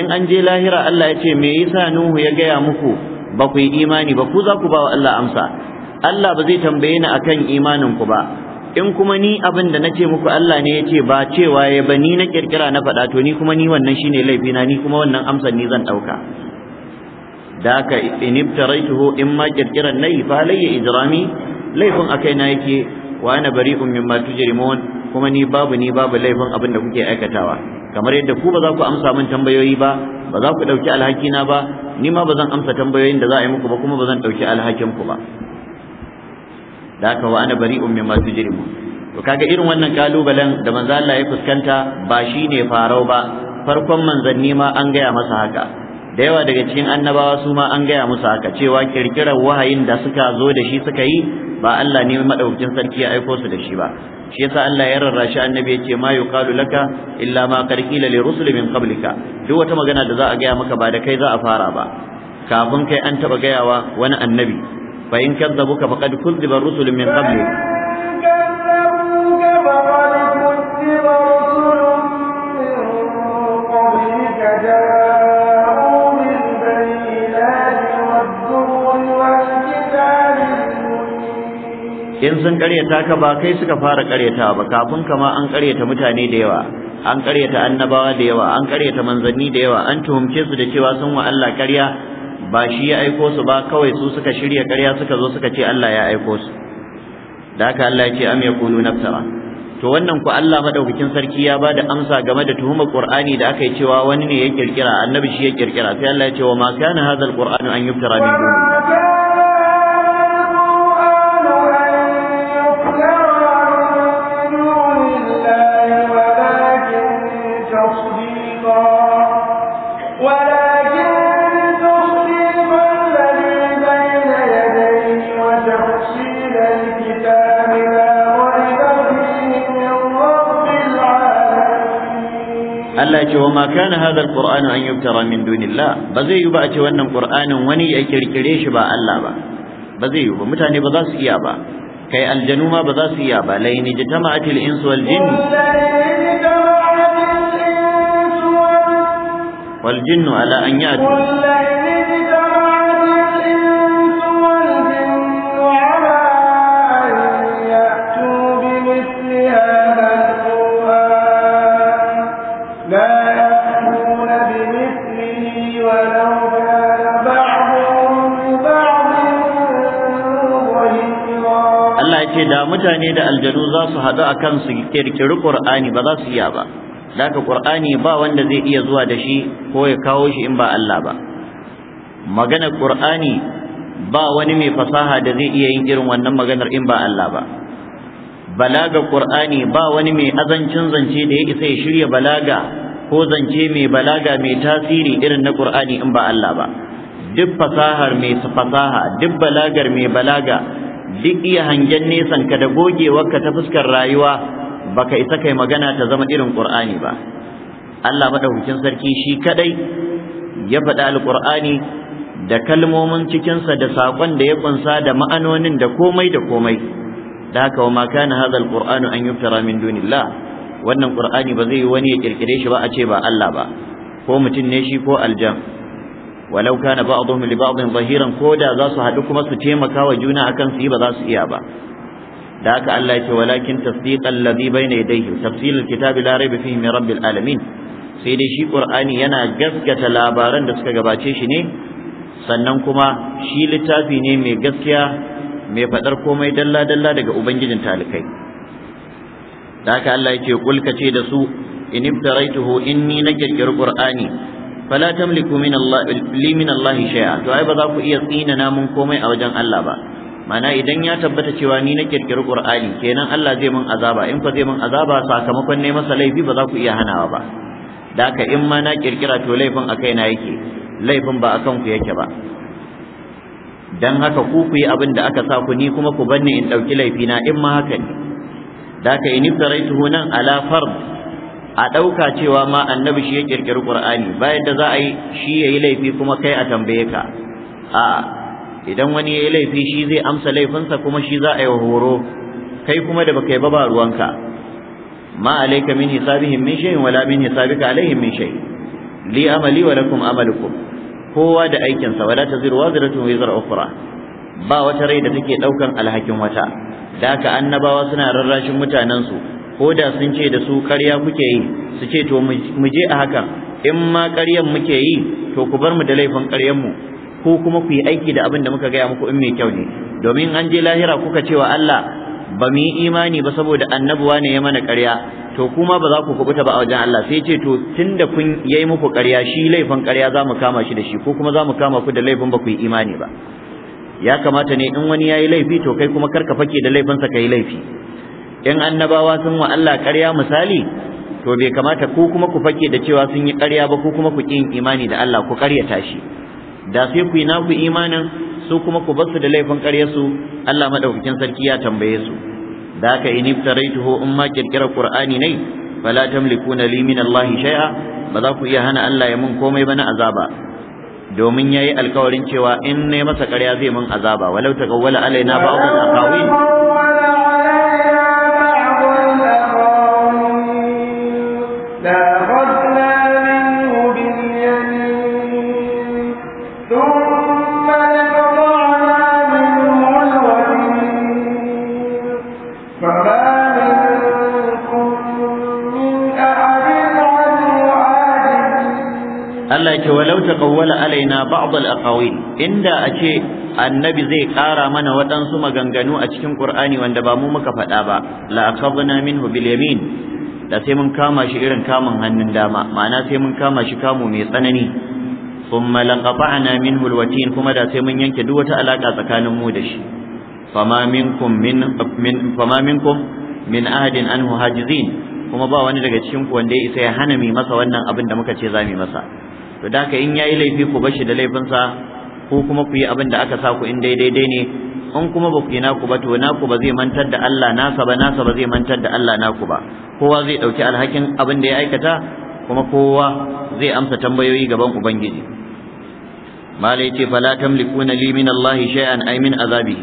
Speaker 2: in an je lahira Allah ya ce me yasa Nuhu ya gaya muku ba ku imani ba ku za ku ba wa Allah amsa Allah ba zai tambaye ni akan imanin ku ba in kuma ni abin da nace muku Allah ne ya ce ba cewa ya ba ni na kirkira na faɗa to ni kuma ni wannan shine laifina ni kuma wannan amsar ni zan ɗauka da ka in ibtaraituhu in ma kirkiran nayi fa halayya ijrami laifin akai na yake wa ana bari'un mimma tujrimun kuma ni babu ni babu laifin abin da kuke aikatawa kamar yadda ku ba za ku amsa min tambayoyi ba ba za ku dauki alhaki na ba ni ma ba zan amsa tambayoyin da za a yi muku ba kuma ba zan dauki alhakin ku ba da haka wa ana bari'un mimma tujrimun to kaga irin wannan kalubalen da manzo Allah ya fuskanta ba shine farau ba farkon manzanni ma an gaya masa haka da yawa daga cikin annabawa su ma an gaya musu haka cewa kirkirar wahayin da suka zo da shi suka yi ba Allah ne madaukakin sarki ya aiko su da shi ba shi yasa Allah ya rarrashi annabi yace ma yuqalu laka illa ma qad qila li rusuli min qablika duk wata magana da za a gaya maka ba da kai za a fara ba kafin kai an taba gayawa wani annabi fa in kadzabuka faqad kuzziba rusulun min qablik Yeah. in sun karyata ka ba kai suka fara karyata ba kafin kama an karyata mutane da yawa an karyata annabawa da yawa an karyata manzanni da yawa an tuhumce su da cewa sun wa Allah karya ba shi ya aiko su ba kawai su suka shirya karya suka zo suka ce Allah ya aiko su da haka Allah ya ce am yakunu naftara to wannan ku Allah madaukakin sarki ya bada amsa game da tuhumar Qur'ani da aka yi cewa wani ne ya kirkira annabi shi ya kirkira sai Allah ya ce wa ma kana hadha al an yubtara min
Speaker 5: dunihi
Speaker 4: ce wa ma kana hadha
Speaker 2: alqur'anu an yubtara min dunillah ba zai yi ba a ce wannan qur'anin wani ya kirkire shi ba Allah ba ba zai yi ba mutane ba za su iya ba kai aljanu ma ba za su iya ba la in jama'atil insu wal jinn wal jinnu ala an ya'tu mutane da aljanu za su haɗu a kansu su kirkiri ƙur'ani ba za su iya ba daga ƙur'ani ba wanda zai iya zuwa da shi ko ya kawo shi in ba Allah ba maganar ƙur'ani ba wani mai fasaha da zai iya yin irin wannan maganar in ba Allah ba balaga ƙur'ani ba wani mai azancin zance da ya isa ya shirya balaga ko zance mai balaga mai tasiri irin na ƙur'ani in ba Allah ba duk fasahar mai fasaha duk balagar mai balaga duk iya hangen nesan ka da ka ta fuskar rayuwa baka isa kai magana ta zama irin qur'ani ba Allah madaukakin sarki shi kadai ya faɗa alqur'ani da kalmomin cikinsa da sakon da ya kunsa da ma'anonin da komai da komai da haka wa ma kana hadha alqur'anu an yuftara min dunillah wannan qur'ani ba zai wani ya kirkire shi ba a ce ba Allah ba ko mutum ne shi ko aljan walau kana ba'dhum li ba'dhin zahiran koda za su haɗu kuma su taimaka wa juna akan su yi ba za su iya ba da haka Allah ya ce walakin tasdiqan ladhi bayna yadayhi tafsilul kitabi la rayba fihi min rabbil alamin sai dai shi qur'ani yana gaskata labaran da suka gabace shi ne sannan kuma shi littafi ne mai gaskiya mai fadar komai dalla dalla daga ubangijin talikai da haka Allah ya ce da su da su in ibtaraituhu inni na kirkiri qur'ani fala tamliku min Allah li min Allah shay'a to ai ba za ku iya tsina namun komai a wajen Allah ba mana idan ya tabbata cewa ni na kirkiri Qur'ani kenan Allah zai mun azaba in fa zai mun azaba sakamakon ne masa laifi ba za ku iya hanawa ba da haka in ma na kirkira to laifin a kaina yake laifin ba akan ku yake ba dan haka ku ku yi abin da aka saku ni kuma ku banni in dauki laifina in ma haka ne da haka in nan ala fard a ɗauka cewa ma annabi shi ya ƙirƙiri ƙur'ani bayan da za a yi shi ya yi laifi kuma kai a tambaye ka a idan wani ya yi laifi shi zai amsa laifinsa kuma shi za a yi horo kai kuma da baka yi ba ba ruwanka ma alayka min hisabihim min shay'in wala min hisabika alaihim min shay li amali wa lakum amalukum kowa da aikin sa wala taziru wa wizra ukhra ba wata rai da take daukan alhakin wata da haka annabawa suna rarrashin mutanen su ko da sun ce da su ƙarya kuke yi su ce to mu je a haka in ma ƙaryan muke yi to ku bar mu da laifin ƙaryan mu ko kuma ku yi aiki da abin da muka gaya muku in mai kyau ne domin an je lahira kuka cewa Allah ba mu yi imani ba saboda annabuwa ne ya mana ƙarya to kuma ba za ku kubuta ba a wajen Allah sai ce to tunda kun yi muku ƙarya shi laifin ƙarya za mu kama shi da shi ko kuma za mu kama ku da laifin ba ku yi imani ba ya kamata ne in wani ya yi laifi to kai kuma kar ka fake da laifinsa ka yi laifi in annabawa sun wa Allah ƙarya misali to bai kamata ku kuma ku fake da cewa sun yi ƙarya ba ku kuma ku yin imani da Allah ku ƙaryata tashi? da sai ku yi naku imanin su kuma ku basu da laifin ƙaryarsu Allah madaukakin sarki ya tambaye su da haka in iftaraituhu in ma kirkira qur'ani ne fala tamlikuna li min Allah shay'a ba za ku iya hana Allah ya mun komai ba na azaba domin yayi alkawarin cewa in ne masa ƙarya zai mun azaba walau taqawwala alaina ba'u al-aqawil
Speaker 4: لأخذنا
Speaker 5: منه
Speaker 2: alaina ba'd al-aqawil inda a ce annabi zai ƙara mana waɗansu maganganu a cikin Qur'ani wanda ba mu muka faɗa ba la aqadna minhu bil yamin da sai mun kama shi irin kamun hannun dama ma'ana sai mun kama shi kamu mai tsanani thumma laqata'na minhu alwatin kuma da sai mun yanke duk wata alaka tsakanin mu da shi fama minkum min fama minkum min ahadin an hajizin kuma ba wani daga cikin ku wanda ya isa ya hana mai masa wannan abin da muka ce za mu masa to da haka in yayi laifi ku bashi da laifinsa ko kuma ku yi abin da aka sa ku in dai ne in kuma ba ku yi naku ba to naku ba zai mantar da Allah nasa ba nasa ba zai mantar da Allah naku ba kowa zai ɗauki alhakin abin da ya aikata kuma kowa zai amsa tambayoyi gaban ubangiji malai ce fala tamlikuna li min Allah shay'an ay min azabi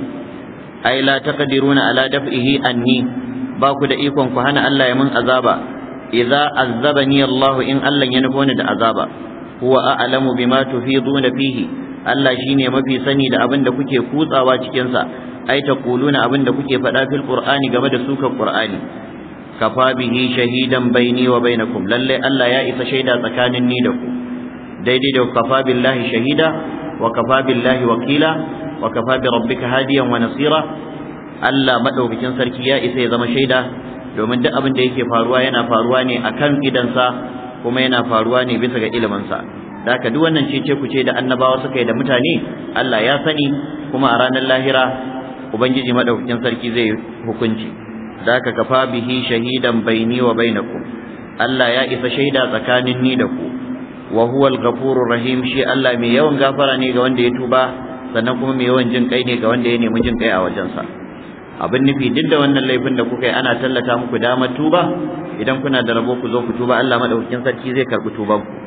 Speaker 2: ay la taqdiruna ala daf'ihi anni ba ku da ikon ku hana Allah ya mun azaba idza azzabani Allah in Allah ya nufo ni da azaba huwa a'lamu bima tufiduna fihi Allah shine mafi sani da abin da kuke kutsawa cikin sa ai taquluna abin da kuke faɗa fil qur'ani game da sukan qur'ani kafa bihi shahidan baini wa bainakum lalle Allah ya isa shaida tsakanin ni da ku daidai da kafa billahi shahida wa kafa billahi wakila wa kafa bi rabbika hadiyan wa nasira Allah madaukakin sarki ya isa ya zama shaida domin duk abin da yake faruwa yana faruwa ne akan idansa kuma yana faruwa ne bisa ga iliminsa da haka duk wannan cece ku ce da annabawa suka yi da mutane Allah ya sani kuma a ranar lahira ubangiji madaukakin sarki zai hukunci da ka kafa bihi shahidan baini wa bainakum Allah ya isa shaida tsakanin ni da ku wa huwal ghafurur rahim shi Allah mai yawan gafara ne ga wanda ya tuba sannan kuma mai yawan jin kai ne ga wanda ya nemi jin kai a wajensa abin nufi duk da wannan laifin da kuka yi ana tallata muku damar tuba idan kuna da rabo ku zo ku tuba Allah madaukakin sarki zai karbi tubanku. ku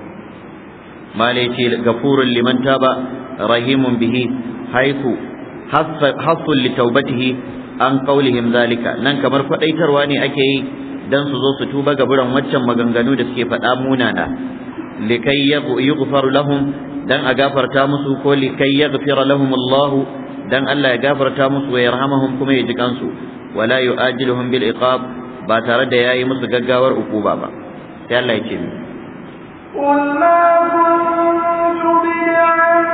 Speaker 2: malai ce gafurun liman taba rahimun bihi haifu hassun litaubatihi an qaulihim zalika nan kamar faɗaitarwa ne ake yi dan su zo su tuba ga buran waccan maganganu da suke faɗa munana likai yughfar lahum dan a gafarta musu ko likai yaghfira lahum Allah dan Allah ya gafarta musu ya yarhamahum kuma ya ji kansu wala yu'ajiluhum bil iqab ba tare da yayi musu gaggawar ukuba ba sai Allah ya ce
Speaker 5: قل ما كنت بدعا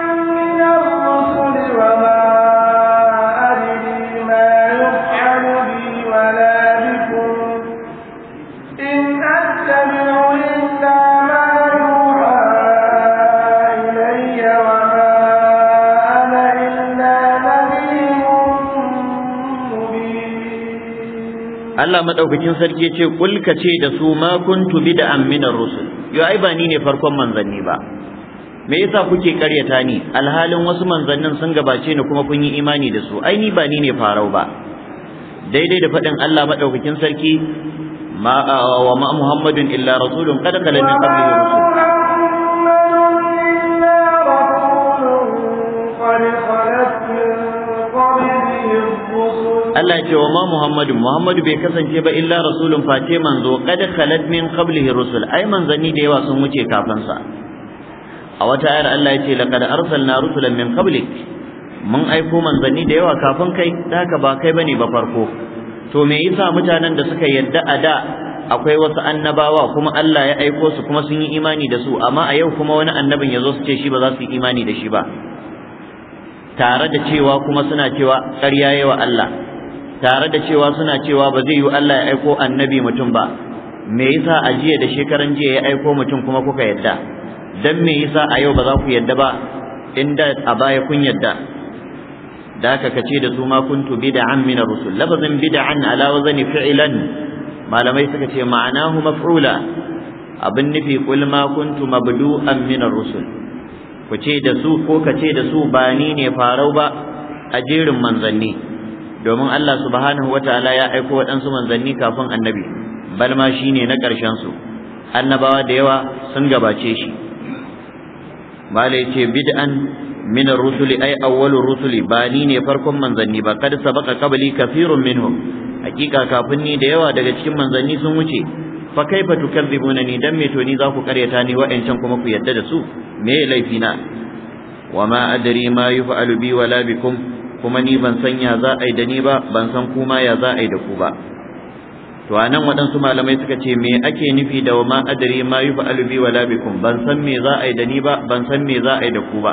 Speaker 2: Allah madaukakin sarki ce kul kace da su ma kuntu bid'an min ar-rusul yo ai ba ni ne farkon manzanni ba me yasa kuke karyata ni alhalin wasu manzannin sun gabace ni kuma kun yi imani da su ai ni ba ni ne farau ba daidai da faɗin Allah madaukakin sarki ma wa ma muhammadun illa rasulun qad kala min qablihi
Speaker 5: rusul Allah
Speaker 2: ce wa ma Muhammadu Muhammadu bai kasance ba illa rasulun face manzo qad khalat min qablihi rusul ai manzani da yawa sun wuce kafin sa a wata ayar Allah ya ce laqad arsalna rusulan min qablik mun aiko manzanni da yawa kafin kai da haka ba kai bane ba farko to me yasa mutanen da suka yadda a da akwai wasu annabawa kuma Allah ya aiko su kuma sun yi imani da su amma a yau kuma wani annabin ya zo su ce shi ba za su yi imani da shi ba tare da cewa kuma suna cewa ƙarya wa Allah tare da cewa suna cewa ba zai yi Allah ya aiko annabi mutum ba me yasa a jiya da shekaran jiya ya aiko mutum kuma kuka yadda dan me yasa a yau ba za ku yadda ba inda a baya kun yadda da aka kace da su ma kuntu bid'an min ar-rusul labazin bid'an ala wazni fi'lan malamai suka ce ma'anahu maf'ula abin nufi kul ma kuntu mabdu'an min ar-rusul ku ce da su ko kace da su ba ni ne farau ba a jerin manzanni domin Allah subhanahu wataala ya aiko waɗansu manzanni kafin annabi balma shi shine na ƙarshen su annabawa da yawa sun gabace shi malai ce bid'an min ar-rusuli ai awwalur rusuli ba ni ne farkon manzanni ba kad sabaka qabli kathirun minhum hakika kafin ni da yawa daga cikin manzanni sun wuce fa kaifa tukadzibuna ni dan me to ni za ku karyata ni wa'ancan kuma ku yadda da su me laifi na wa ma adri ma yuf'alu bi wala bikum kuma ni ban san ya za a yi da ni ba ban san kuma ya za a yi da ku ba to anan waɗansu malamai suka ce me ake nufi da ma adari ma yufa alubi wala bikum ban san me za a yi da ni ba ban san me za a yi da ku ba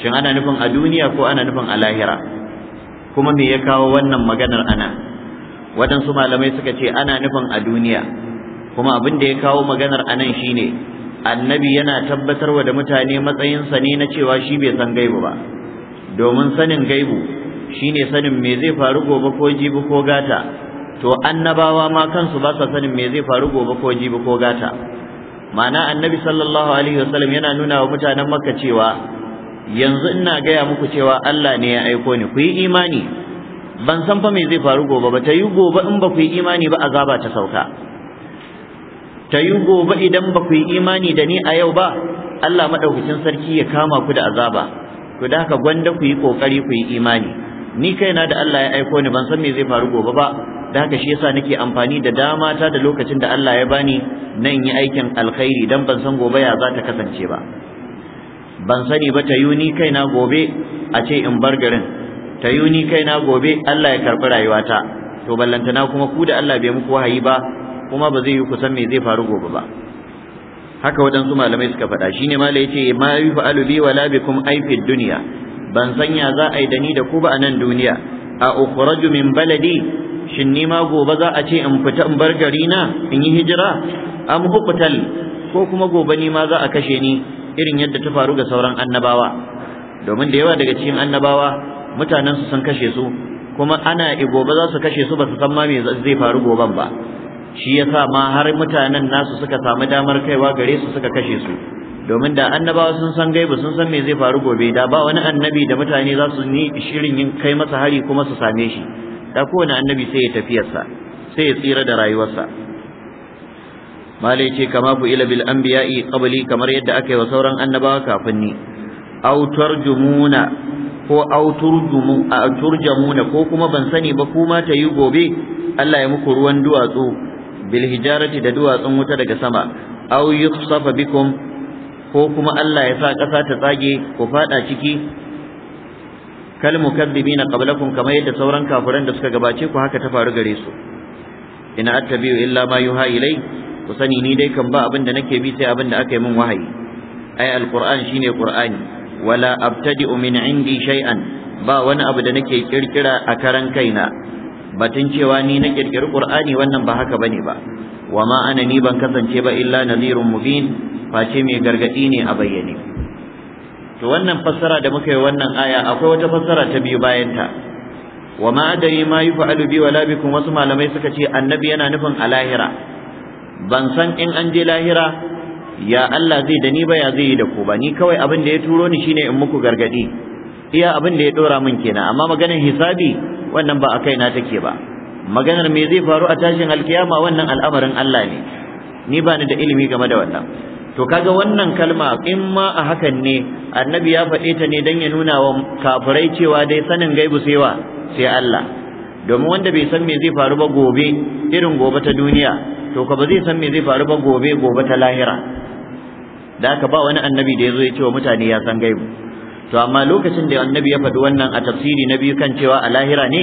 Speaker 2: shin ana nufin a duniya ko ana nufin a lahira kuma me ya kawo wannan maganar ana waɗansu malamai suka ce ana nufin a duniya kuma abin da ya kawo maganar anan shine annabi yana tabbatarwa da mutane matsayinsa ne na cewa shi bai san gaibu ba domin sanin gaibu shine sanin me zai faru gobe ko jibi ko gata to annabawa ma kansu ba sa sanin me zai faru gobe ko jibi ko gata ma'ana annabi sallallahu alaihi wasallam yana nuna wa mutanen makka cewa yanzu ina gaya muku cewa Allah ne ya aiko ni ku yi imani ban san fa me zai faru gobe ba ta yi gobe in ba ku yi imani ba azaba ta sauka ta yi gobe idan ba ku yi imani da ni a yau ba Allah madaukakin sarki ya kama ku da azaba Ku da haka gwanda ku yi kokari ku yi imani ni kaina da Allah ya aiko ni ban san me zai faru gobe ba da haka shi yasa nake amfani da dama ta da lokacin da Allah ya bani nan yi aikin alkhairi dan ban san gobe ya za ta kasance ba ban sani ba ta ni kaina gobe a ce in bar garin ta ni kaina gobe Allah ya karɓi rayuwata to ballantana kuma ku da Allah bai muku wahayi ba kuma ba zai yi kusan me zai faru gobe ba haka waɗansu malamai suka faɗa shine ma yace ma yufa'alu bi wala bikum ay duniya dunya ban sanya za a yi da ni da ku ba a nan duniya a ukhraju min baladi shin ni ma gobe za a ce in fita in bar gari na in yi hijira am huqtal ko kuma gobe ni ma za a kashe ni irin yadda ta faru ga sauran annabawa domin da yawa daga cikin annabawa mutanensu sun kashe su kuma ana gobe za su kashe su ba su san ma me zai faru goben ba shi yasa ma har mutanen nasu suka samu damar kaiwa gare su suka kashe su domin da annabawa sun san gaibu sun san me zai faru gobe da ba wani annabi da mutane za su ni shirin yin kai masa hari kuma su same shi da kowane annabi sai ya tafiyarsa sai ya tsira da rayuwarsa malai ce kama bu ila bil anbiya'i qabli kamar yadda aka yi wa sauran annabawa kafin ni aw tarjumuna ko aw turjumu a turjamuna ko kuma ban sani ba kuma ta yi gobe Allah ya muku ruwan duwatsu Bilhijarati da duwatsun wuta daga sama aw yukhsafa bikum ko kuma Allah ya sa ƙasa ta tsage ku fada ciki kal mukaddibina qablakum kamar yadda sauran kafiran da suka gabace ku haka ta faru gare su ina attabi'u illa ma yuha ilai ku sani ni dai kan ba abin da nake bi sai abin da aka yi min wahayi ai alquran shine qur'ani wala abtadi'u min indi shay'an ba wani abu da nake kirkira a karan kaina batun cewa ni na kirkiri qur'ani wannan ba haka bane ba wa ma ana ni ban kasance ba illa nadhirun mubin face mai gargadi ne a bayyane to wannan fassara da muka yi wannan aya akwai wata fassara ta biyu bayan ta wa ma adari ma yuf'alu bi wala bikum wasu malamai suka ce annabi yana nufin a lahira ban san in an je lahira ya Allah zai da ni ba ya zai yi da ku ba ni kawai abin da ya turo ni shine in muku gargadi iya abin da ya dora min kenan amma maganar hisabi wannan ba a kaina take ba maganar me zai faru a tashin alkiyama wannan al'amarin Allah ne ni ba ni da ilimi game da wannan to kaga wannan kalma in ma a hakan ne annabi ya faɗe ta ne dan ya nuna wa kafirai cewa dai sanin gaibu sai sai Allah domin wanda bai san me zai faru ba gobe irin gobe ta duniya to ka ba zai san me zai faru ba gobe gobe ta lahira da ka ba wani annabi da ya zo ya ce wa mutane ya san gaibu to amma lokacin da annabi ya faɗi wannan a tafsiri na biyu kan cewa a lahira ne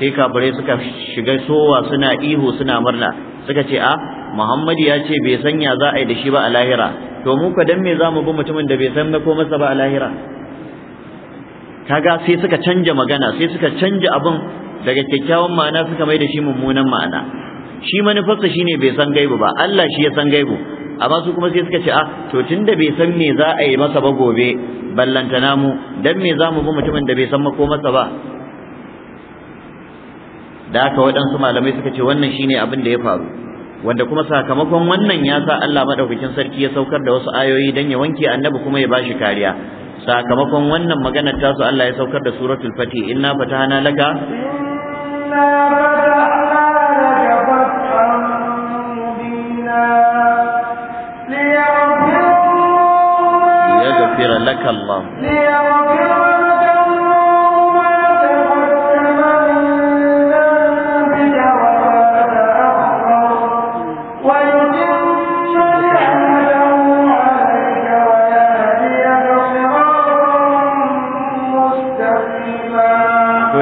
Speaker 2: sai kafirai suka shiga sowa suna ihu suna murna suka ce a Muhammadu ya ce bai sanya za a yi da shi ba a lahira to mu ka dan me za mu bi mutumin da bai san na ko masa ba a lahira kaga sai suka canja magana sai suka canja abin daga kyakkyawan ma'ana suka mai da shi mummunan ma'ana shi manufarsa shine bai san gaibu ba Allah shi ya san gaibu amma su kuma sai suka ce a ah, to tunda bai san me za a yi masa ba gobe ballanta namu, dan me za mu bi mutumin da bai san mako masa ba da haka waɗansu malamai suka ce wannan shine abin da ya faru wanda kuma sakamakon wannan ya sa Allah madaukakin sarki ya saukar da wasu ayoyi dan ya wanke annabi kuma ya bashi kariya sakamakon wannan maganar su Allah ya saukar da suratul fati inna fatahana laka inna
Speaker 5: fatahana laka mubina يغفر لك الله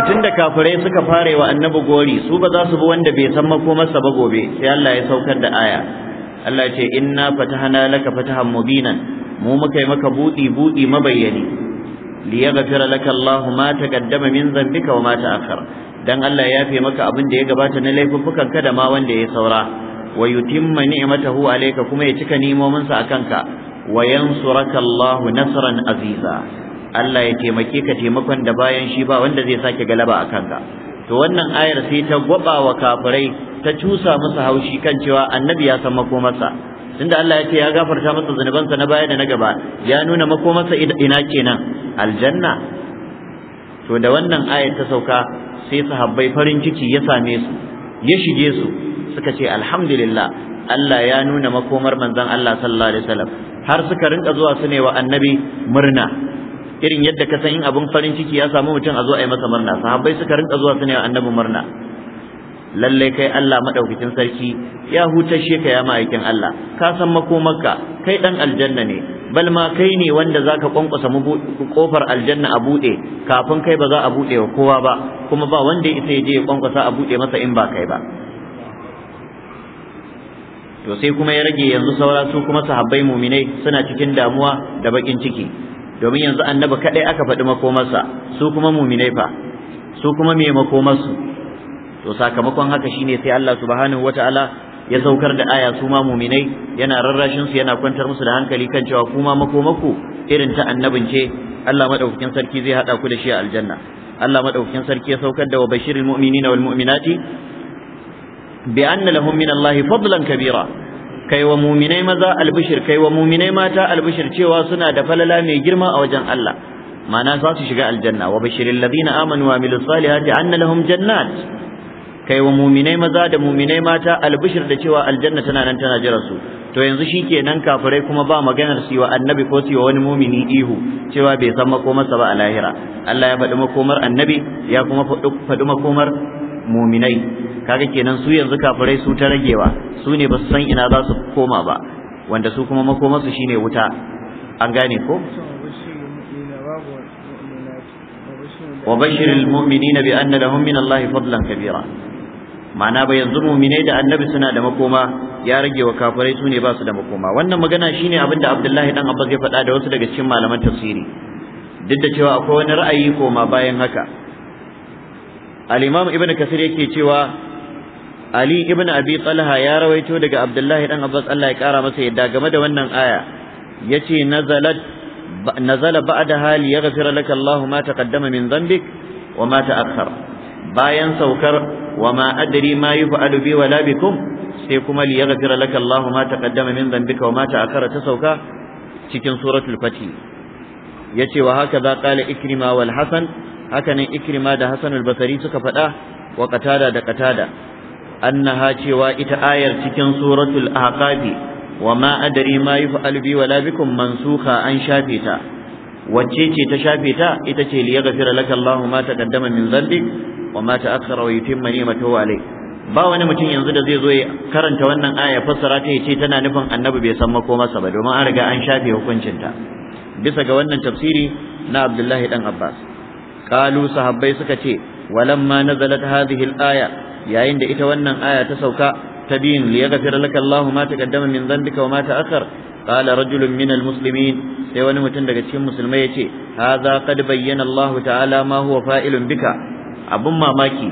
Speaker 2: tunda kafirai suka fare wa annabi gori su ba za su bi wanda bai san makomarsa ba gobe sai Allah ya saukar da aya Allah ya ce inna fatahna laka fatahan mubinan mu muka yi maka buɗi buɗi mabayyani liyaghfira laka Allah ma taqaddama min dhanbika wa ma ta'akhkhara dan Allah ya yafe maka abin da ya gabata na laifukan ka da ma wanda ya saura wa yutimma ni'matahu alayka kuma ya cika nimomin sa akan ka wa yansuraka Allah nasran aziza Allah ya taimake ka taimakon da bayan shi ba wanda zai sake galaba akan ka to wannan ayar sai ta gwaba wa kafirai ta cusa musu haushi kan cewa annabi ya san makomarsa tunda Allah ya ce ya gafarta masa zunubansa na baya da na gaba ya nuna makomarsa ina kenan aljanna to da wannan ayat ta sauka sai sahabbai farin ciki ya same su ya shige su suka ce alhamdulillah Allah ya nuna makomar manzon Allah sallallahu alaihi wasallam har suka rinka zuwa su ne wa annabi murna irin yadda ka san in abin farin ciki ya samu mutum a zo a yi masa murna sahabbai suka rinka zuwa su ne wa annabi murna lalle kai Allah madaukakin sarki ya huta ka ya ma'aikin Allah ka san makomarka kai dan aljanna ne bal ma kai ne wanda zaka kwankwasa kofar aljanna a bude kafin kai ba za a bude wa kowa ba kuma ba wanda isa ya je ya kwankwasa a bude masa in ba kai ba to sai kuma ya rage yanzu saura su kuma sahabbai muminai suna cikin damuwa da bakin ciki domin yanzu annabi kadai aka faɗi makomarsa su kuma muminai fa su kuma me makomarsu to sakamakon haka shine sai Allah subhanahu wataala ya saukar da aya su ma muminai yana rarrashin su yana kwantar musu da hankali kan cewa kuma makomako irin ta annabin ce Allah madaukakin sarki zai hada ku da shi a aljanna Allah madaukakin sarki ya saukar da wa bashirul mu'minina wal mu'minati bi anna lahum min fadlan kabira kai wa muminai maza albishir kai wa muminai mata albishir cewa suna da falala mai girma a wajen Allah ma'ana za su shiga aljanna wa bashirin ladina amanu wa amilus salihati anna lahum jannat kai wa muminai maza da muminai mata albishir da cewa aljanna tana nan tana jira su to yanzu nan kafirai kuma ba maganar su wa annabi ko su wa wani mumini ihu cewa bai san makomarsa ba a lahira Allah ya faɗi makomar annabi ya kuma faɗi makomar muminai kaga kenan su yanzu kafirai su ta ragewa su ne ba su san ina za su koma ba wanda su kuma makomarsu shine wuta an gane ko
Speaker 4: وبشر المؤمنين بأن لهم من
Speaker 2: الله فضلا كبيرا ma'ana ba yanzu muminai da annabi suna da makoma ya rage wa kafirai su ne ba su da makoma wannan magana shine abin da abdullahi dan abbas ya faɗa da wasu daga cikin malaman tafsiri duk da cewa akwai wani ra'ayi koma bayan haka al-imam ibnu kasir yake cewa ali ibn abi talha ya rawaito daga abdullahi dan abbas Allah ya kara masa yadda game da wannan aya yace nazalat nazala da hali yaghfir laka Allah ma taqaddama min dhanbik wa ma ta'akhkhara bayan saukar wa ma adri ma yuf'alu bi wala bikum sai kuma li yaghfira laka Allah ma taqaddama min dhanbika wa ma ta'akhkhara ta sauka cikin suratul fatih yace wa haka za qala ikrima wal hasan haka nan ikrima da hasan al basri suka faɗa wa qatada da qatada annaha cewa ita ayar cikin suratul ahqabi wa ma adri ma yuf'alu bi wala bikum mansukha an shafe ta wacce ce ta shafe ta ita ce li yaghfira laka Allahu ma taqaddama min dhanbik wa ma ta'akhkhara wa yutimma ni'matahu alayhi ba wani mutum yanzu da zai zo ya karanta wannan aya fassara ta yace tana nufin annabi bai san makomarsa ba domin an riga an shafe hukuncin ta bisa ga wannan tafsiri na Abdullahi dan Abbas qalu sahabbai suka ce walamma nazalat hadhihi al-aya yayin da ita wannan aya ta sauka تبين ليغفر لك الله ما تقدم من rajulun وما تأخر Sai wani mutum daga cikin Musulmai ya ce haza قد bayyana الله ta'ala ma هو Failun bika. abin mamaki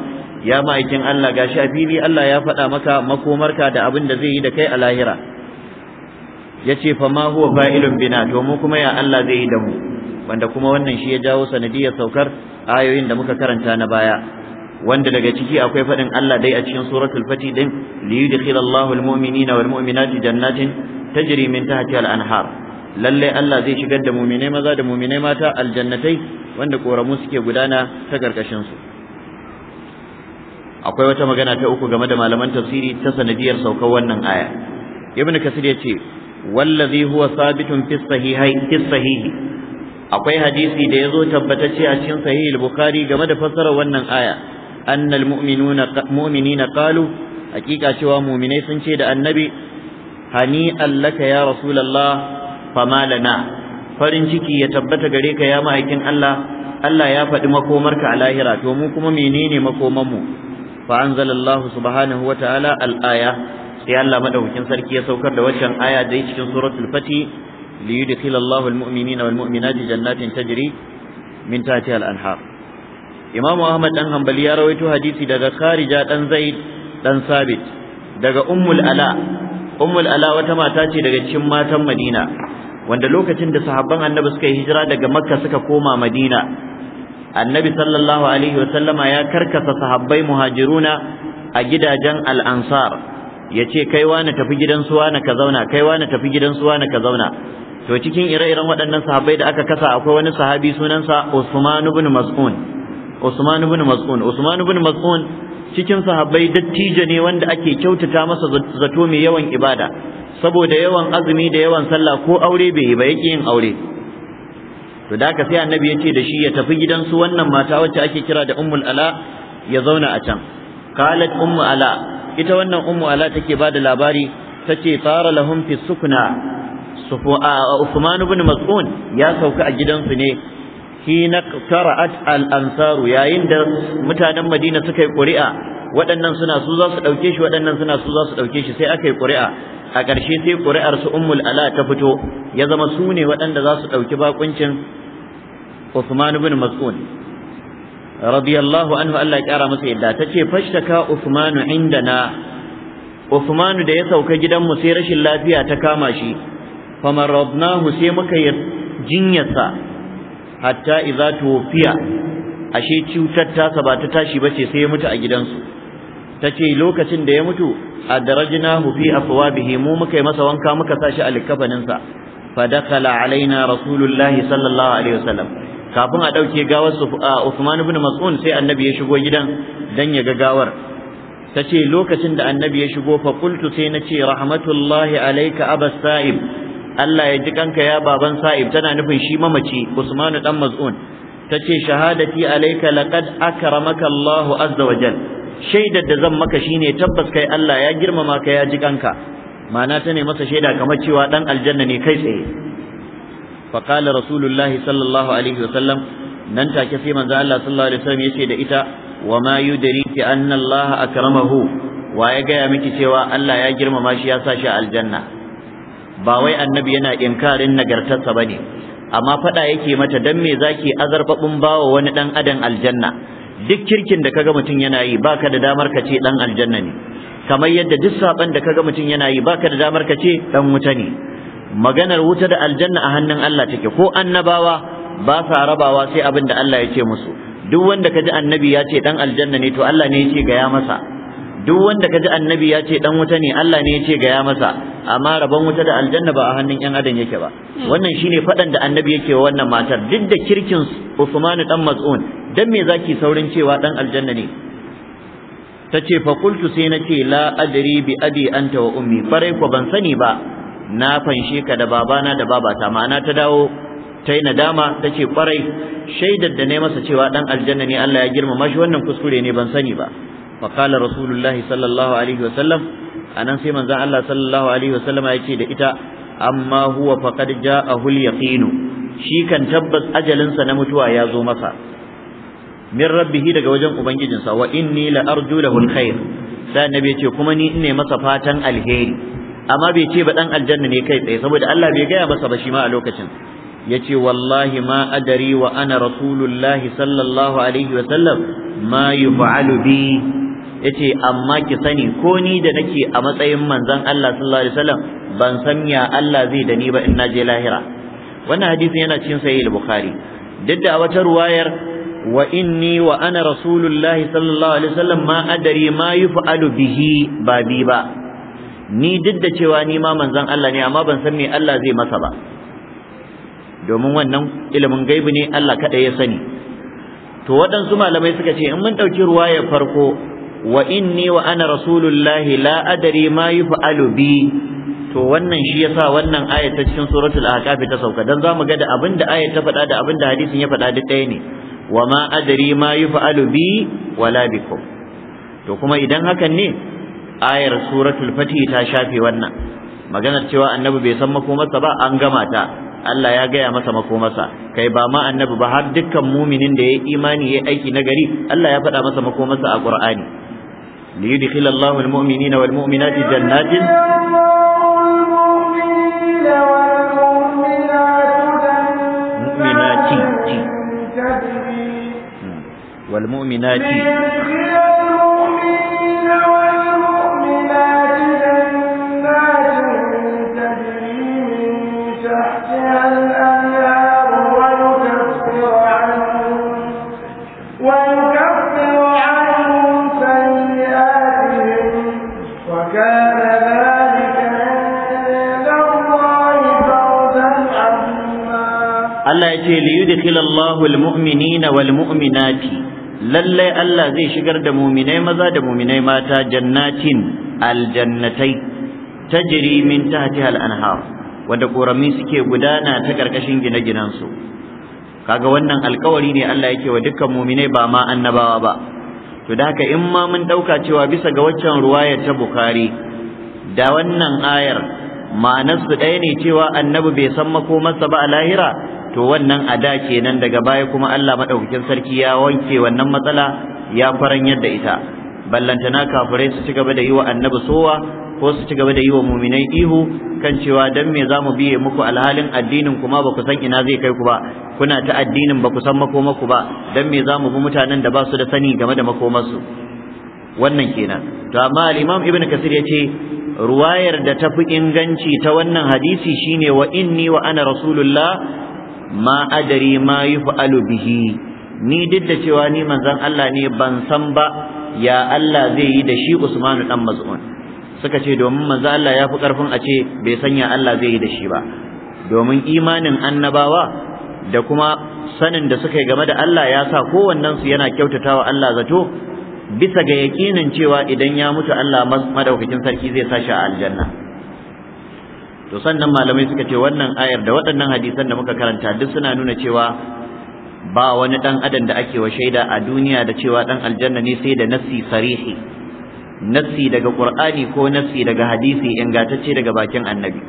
Speaker 2: ya ma'aikin Allah gashi a fili Allah ya faɗa maka makomarka da abin da zai yi da kai a lahira ya ce fa ma huwa fa'ilun bina to mu kuma ya Allah zai yi da mu wanda kuma wannan shi ya jawo sanadiyar saukar ayoyin da muka karanta na baya wanda daga ciki akwai faɗin Allah dai a cikin suratul fati din li yudkhilallahu almu'minina wal mu'minati jannatin tajri min tahtiha al-anhar lalle Allah zai shigar da mu'minai maza da mu'minai mata aljannatai wanda koramu suke gudana ta karkashin su akwai wata magana ta uku game da malaman tafsiri ta sanadiyar saukar wannan aya ibn kasir ya ce wallazi huwa sabitun fi sahihai sahihi akwai hadisi da yazo tabbatacce a cikin sahih al-bukhari game da fassarar wannan aya annal mu'minuna mu'minina qalu hakika cewa mu'minai sun ce da annabi hani allaka ya rasulullah fama lana farin ciki ya tabbata gare ka ya ma'aikin Allah Allah ya faɗi makomarka a lahira to mu kuma menene makomanmu fa anzalallahu subhanahu wa ta'ala al-aya sai Allah madaukakin sarki ya saukar da waccan aya dai cikin suratul fati li yudkhilallahu al-mu'minina wal mu'minati jannatin tajri min tahtiha Imam Ahmad ɗan Hanbali ya rawaito hadisi daga Kharija dan Zaid dan Sabit daga Ummul Ala wata mata ce daga cikin matan Madina wanda lokacin da sahabban Annabi suka yi hijira daga Makka suka koma Madina annabi sallallahu alaihi wasallama ya karkasa sahabbai muhajiruna a gidajen al'ansar ya ce kai wani tafi gidan suwa na ka zauna kai wani tafi gidan suwa na ka zauna to cikin ire-iren waɗannan sahabbai da aka kasa akwai wani sahabi sunansa Usman ibn Mas'un Usman ibn Mas'un Usman ibn Mas'un cikin sahabbai dattijo ne wanda ake kyautata masa zato mai yawan ibada saboda yawan azumi da yawan sallah ko aure bai yi ba yake yin aure to da haka sai annabi ya ce da shi ya tafi gidansu wannan mata wacce ake kira da ummul ala ya zauna a can qalat ummu ala ita wannan ummu ala take ba da labari tace tsara lahum fi sukna Uthman ibn Mas'un ya sauka a gidansu ne hina tara'at al-ansaru yayin da mutanen Madina suka yi ƙuri'a waɗannan suna su za su ɗauke shi waɗannan suna su za su ɗauke shi sai aka yi ƙuri'a a ƙarshe sai ƙuri'ar su ummul ala ta fito ya zama su ne waɗanda za su ɗauki bakuncin Uthman ibn Mas'ud radiyallahu anhu Allah ya kara masa yadda tace fashtaka Uthman indana Uthman da ya sauka gidan mu sai rashin lafiya ta kama shi famaradnahu sai muka yi jinyarsa hatta idza tufiya ashe cutar tasa ba ta tashi bace sai ya mutu a gidansu tace lokacin da ya mutu a adrajnahu fi afwabihi mu muka yi masa wanka muka shi a likafaninsa fa dakhala alaina rasulullahi sallallahu alaihi wasallam kafin a ɗauke gawar Uthman ibn Mas'un sai annabi ya shigo gidan dan ya ga gawar ta ce lokacin da annabi ya shigo fa qultu sai na ce rahmatullahi alayka abas sa'ib Allah ya ji kanka ya baban sa'ib tana nufin shi mamaci Usman dan Maz'un ta ce shahadati alayka laqad akramaka Allah azza wa jal shaidar da zan maka shine tabbas kai Allah ya girmama ka ya ji kanka ma'ana ta ne masa shaida kamar cewa dan aljanna ne kai tsaye fa qala rasulullahi sallallahu alaihi wasallam nan take sai manzo Allah sallallahu alaihi wasallam yace da ita wa ma yudriki anna Allah akramahu wa ya gaya miki cewa Allah ya girmama shi ya sa shi aljanna ba wai annabi yana inkarin nagartarsa ne. amma faɗa yake mata dan me zaki azarbabun bawo wani dan adam aljanna duk kirkin da kaga mutum yana yi baka da damar ka ce dan aljanna ne kamar yadda duk saban da kaga mutum yana yi baka da damar ka ce dan wuta ne maganar wuta da aljanna a hannun Allah take ko annabawa ba sa rabawa sai abin da Allah ya ce musu duk wanda kaji annabi ya ce dan aljanna ne to Allah ne ya ce gaya masa duk wanda kaji annabi ya ce dan wuta ne Allah ne ya ce gaya masa amma rabon wuta da aljanna ba a hannun yan adam yake ba hmm. wannan shine fadan da annabi yake wa wannan matar duk da kirkin Usman dan Maz'un dan me zaki saurin cewa dan aljanna ne tace fa qultu sai ce la adri bi abi anta wa ummi farai ko ban sani ba na fanshe ka da babana da babata ma'ana ta dawo ta yi nadama ta ce kwarai shaidar da ne masa cewa dan aljanna ne Allah ya girmama shi wannan kuskure ne ban sani ba faqala rasulullahi sallallahu alaihi a anan sai manzon Allah sallallahu alaihi wasallam ya ce da ita amma huwa faqad a al-yaqin shi kan tabbas ajalinsa na mutuwa ya zo masa min rabbih daga wajen ubangijinsa wa inni la arju lahu al sai annabi ya ce kuma ni ne masa fatan alheri amma bai ce ba dan aljanna ne kai tsaye saboda Allah bai gaya masa ba shi ma a lokacin yace wallahi ma adari wa ana rasulullahi sallallahu alaihi wa sallam ma yuf'alu bi yace amma ki sani ko ni da nake a matsayin manzon Allah sallallahu alaihi wa sallam ban san ya Allah zai da ni ba in naje lahira wannan hadisin yana cikin sahih al-bukhari duk da wata ruwayar wa inni wa ana rasulullahi sallallahu alaihi wa sallam ma adari ma yuf'alu bihi ba bi ba ni duk da cewa ni ma manzon Allah ne amma ban san me Allah zai masa ba domin wannan ilimin gaibi ne Allah kaɗai ya sani to waɗansu malamai suka ce in mun ɗauki ruwayar farko wa inni wa ana rasulullahi la adari ma yuf'alu bi to wannan shi yasa wannan aya ta cikin suratul ahqaf ta sauka dan zamu ga da abinda aya ta faɗa da abinda hadisin ya faɗa duk ɗaya ne wa ma adari ma yuf'alu bi wala bikum to kuma idan hakan ne ayar suratul fatih ta shafe wannan maganar cewa annabi bai san makomarsa ba an gama ta Allah ya gaya masa makomarsa kai ba ma annabi ba har dukkan muminin da ya imani ya aiki na gari Allah ya faɗa masa makomarsa a Qur'ani ليدخل الله المؤمنين والمؤمنات جنات مؤمنات والمؤمنات ce li yudkhilallahu almu'minina walmu'minati lallai Allah zai shigar da muminai maza da muminai mata jannatin aljannatai tajri min tahtiha al-anhar wanda korami suke gudana ta karkashin gine-ginen su kaga wannan alkawari ne Allah yake wa dukkan muminai ba ma annabawa ba to da haka in ma mun dauka cewa bisa ga waccan ruwaya ta Bukhari da wannan ayar ma'anar su ɗaya ne cewa annabi bai san makomarsa ba a lahira to wannan ada kenan daga baya kuma Allah madaukakin sarki ya wanke wannan matsala ya faranyar yadda ita ballantana kafirai su ci gaba da yi wa annabi sowa ko su ci gaba da yi wa muminai ihu kan cewa dan me zamu biye muku alhalin addinin kuma ba ku san ina zai kai ku ba kuna ta addinin ba ku san makomaku ba dan me zamu bi mutanen da ba su da sani game da makomarsu wannan kenan to amma al-imam ibnu kasir ce ruwayar da ta fi inganci ta wannan hadisi shine wa inni wa ana rasulullah ma adari ma yuf'alu bihi ni duk da cewa ni manzan Allah ne ban san ba ya Allah zai yi da shi Usmanu dan Maz'un suka ce domin manzon Allah ya fi karfin a ce bai san ya Allah zai yi da shi ba domin imanin annabawa da kuma sanin da suka yi game da Allah ya sa kowannen su yana kyautatawa Allah zato bisa ga yakinin cewa idan ya mutu Allah madaukakin sarki zai sa shi a aljanna to sannan malamai suka ce wannan ayar da waɗannan hadisan da muka karanta duk suna nuna cewa ba wani dan adam da ake wa shaida a duniya da cewa dan aljanna ne sai da nassi sarihi nassi daga qur'ani ko nassi daga hadisi ingantacce daga bakin annabi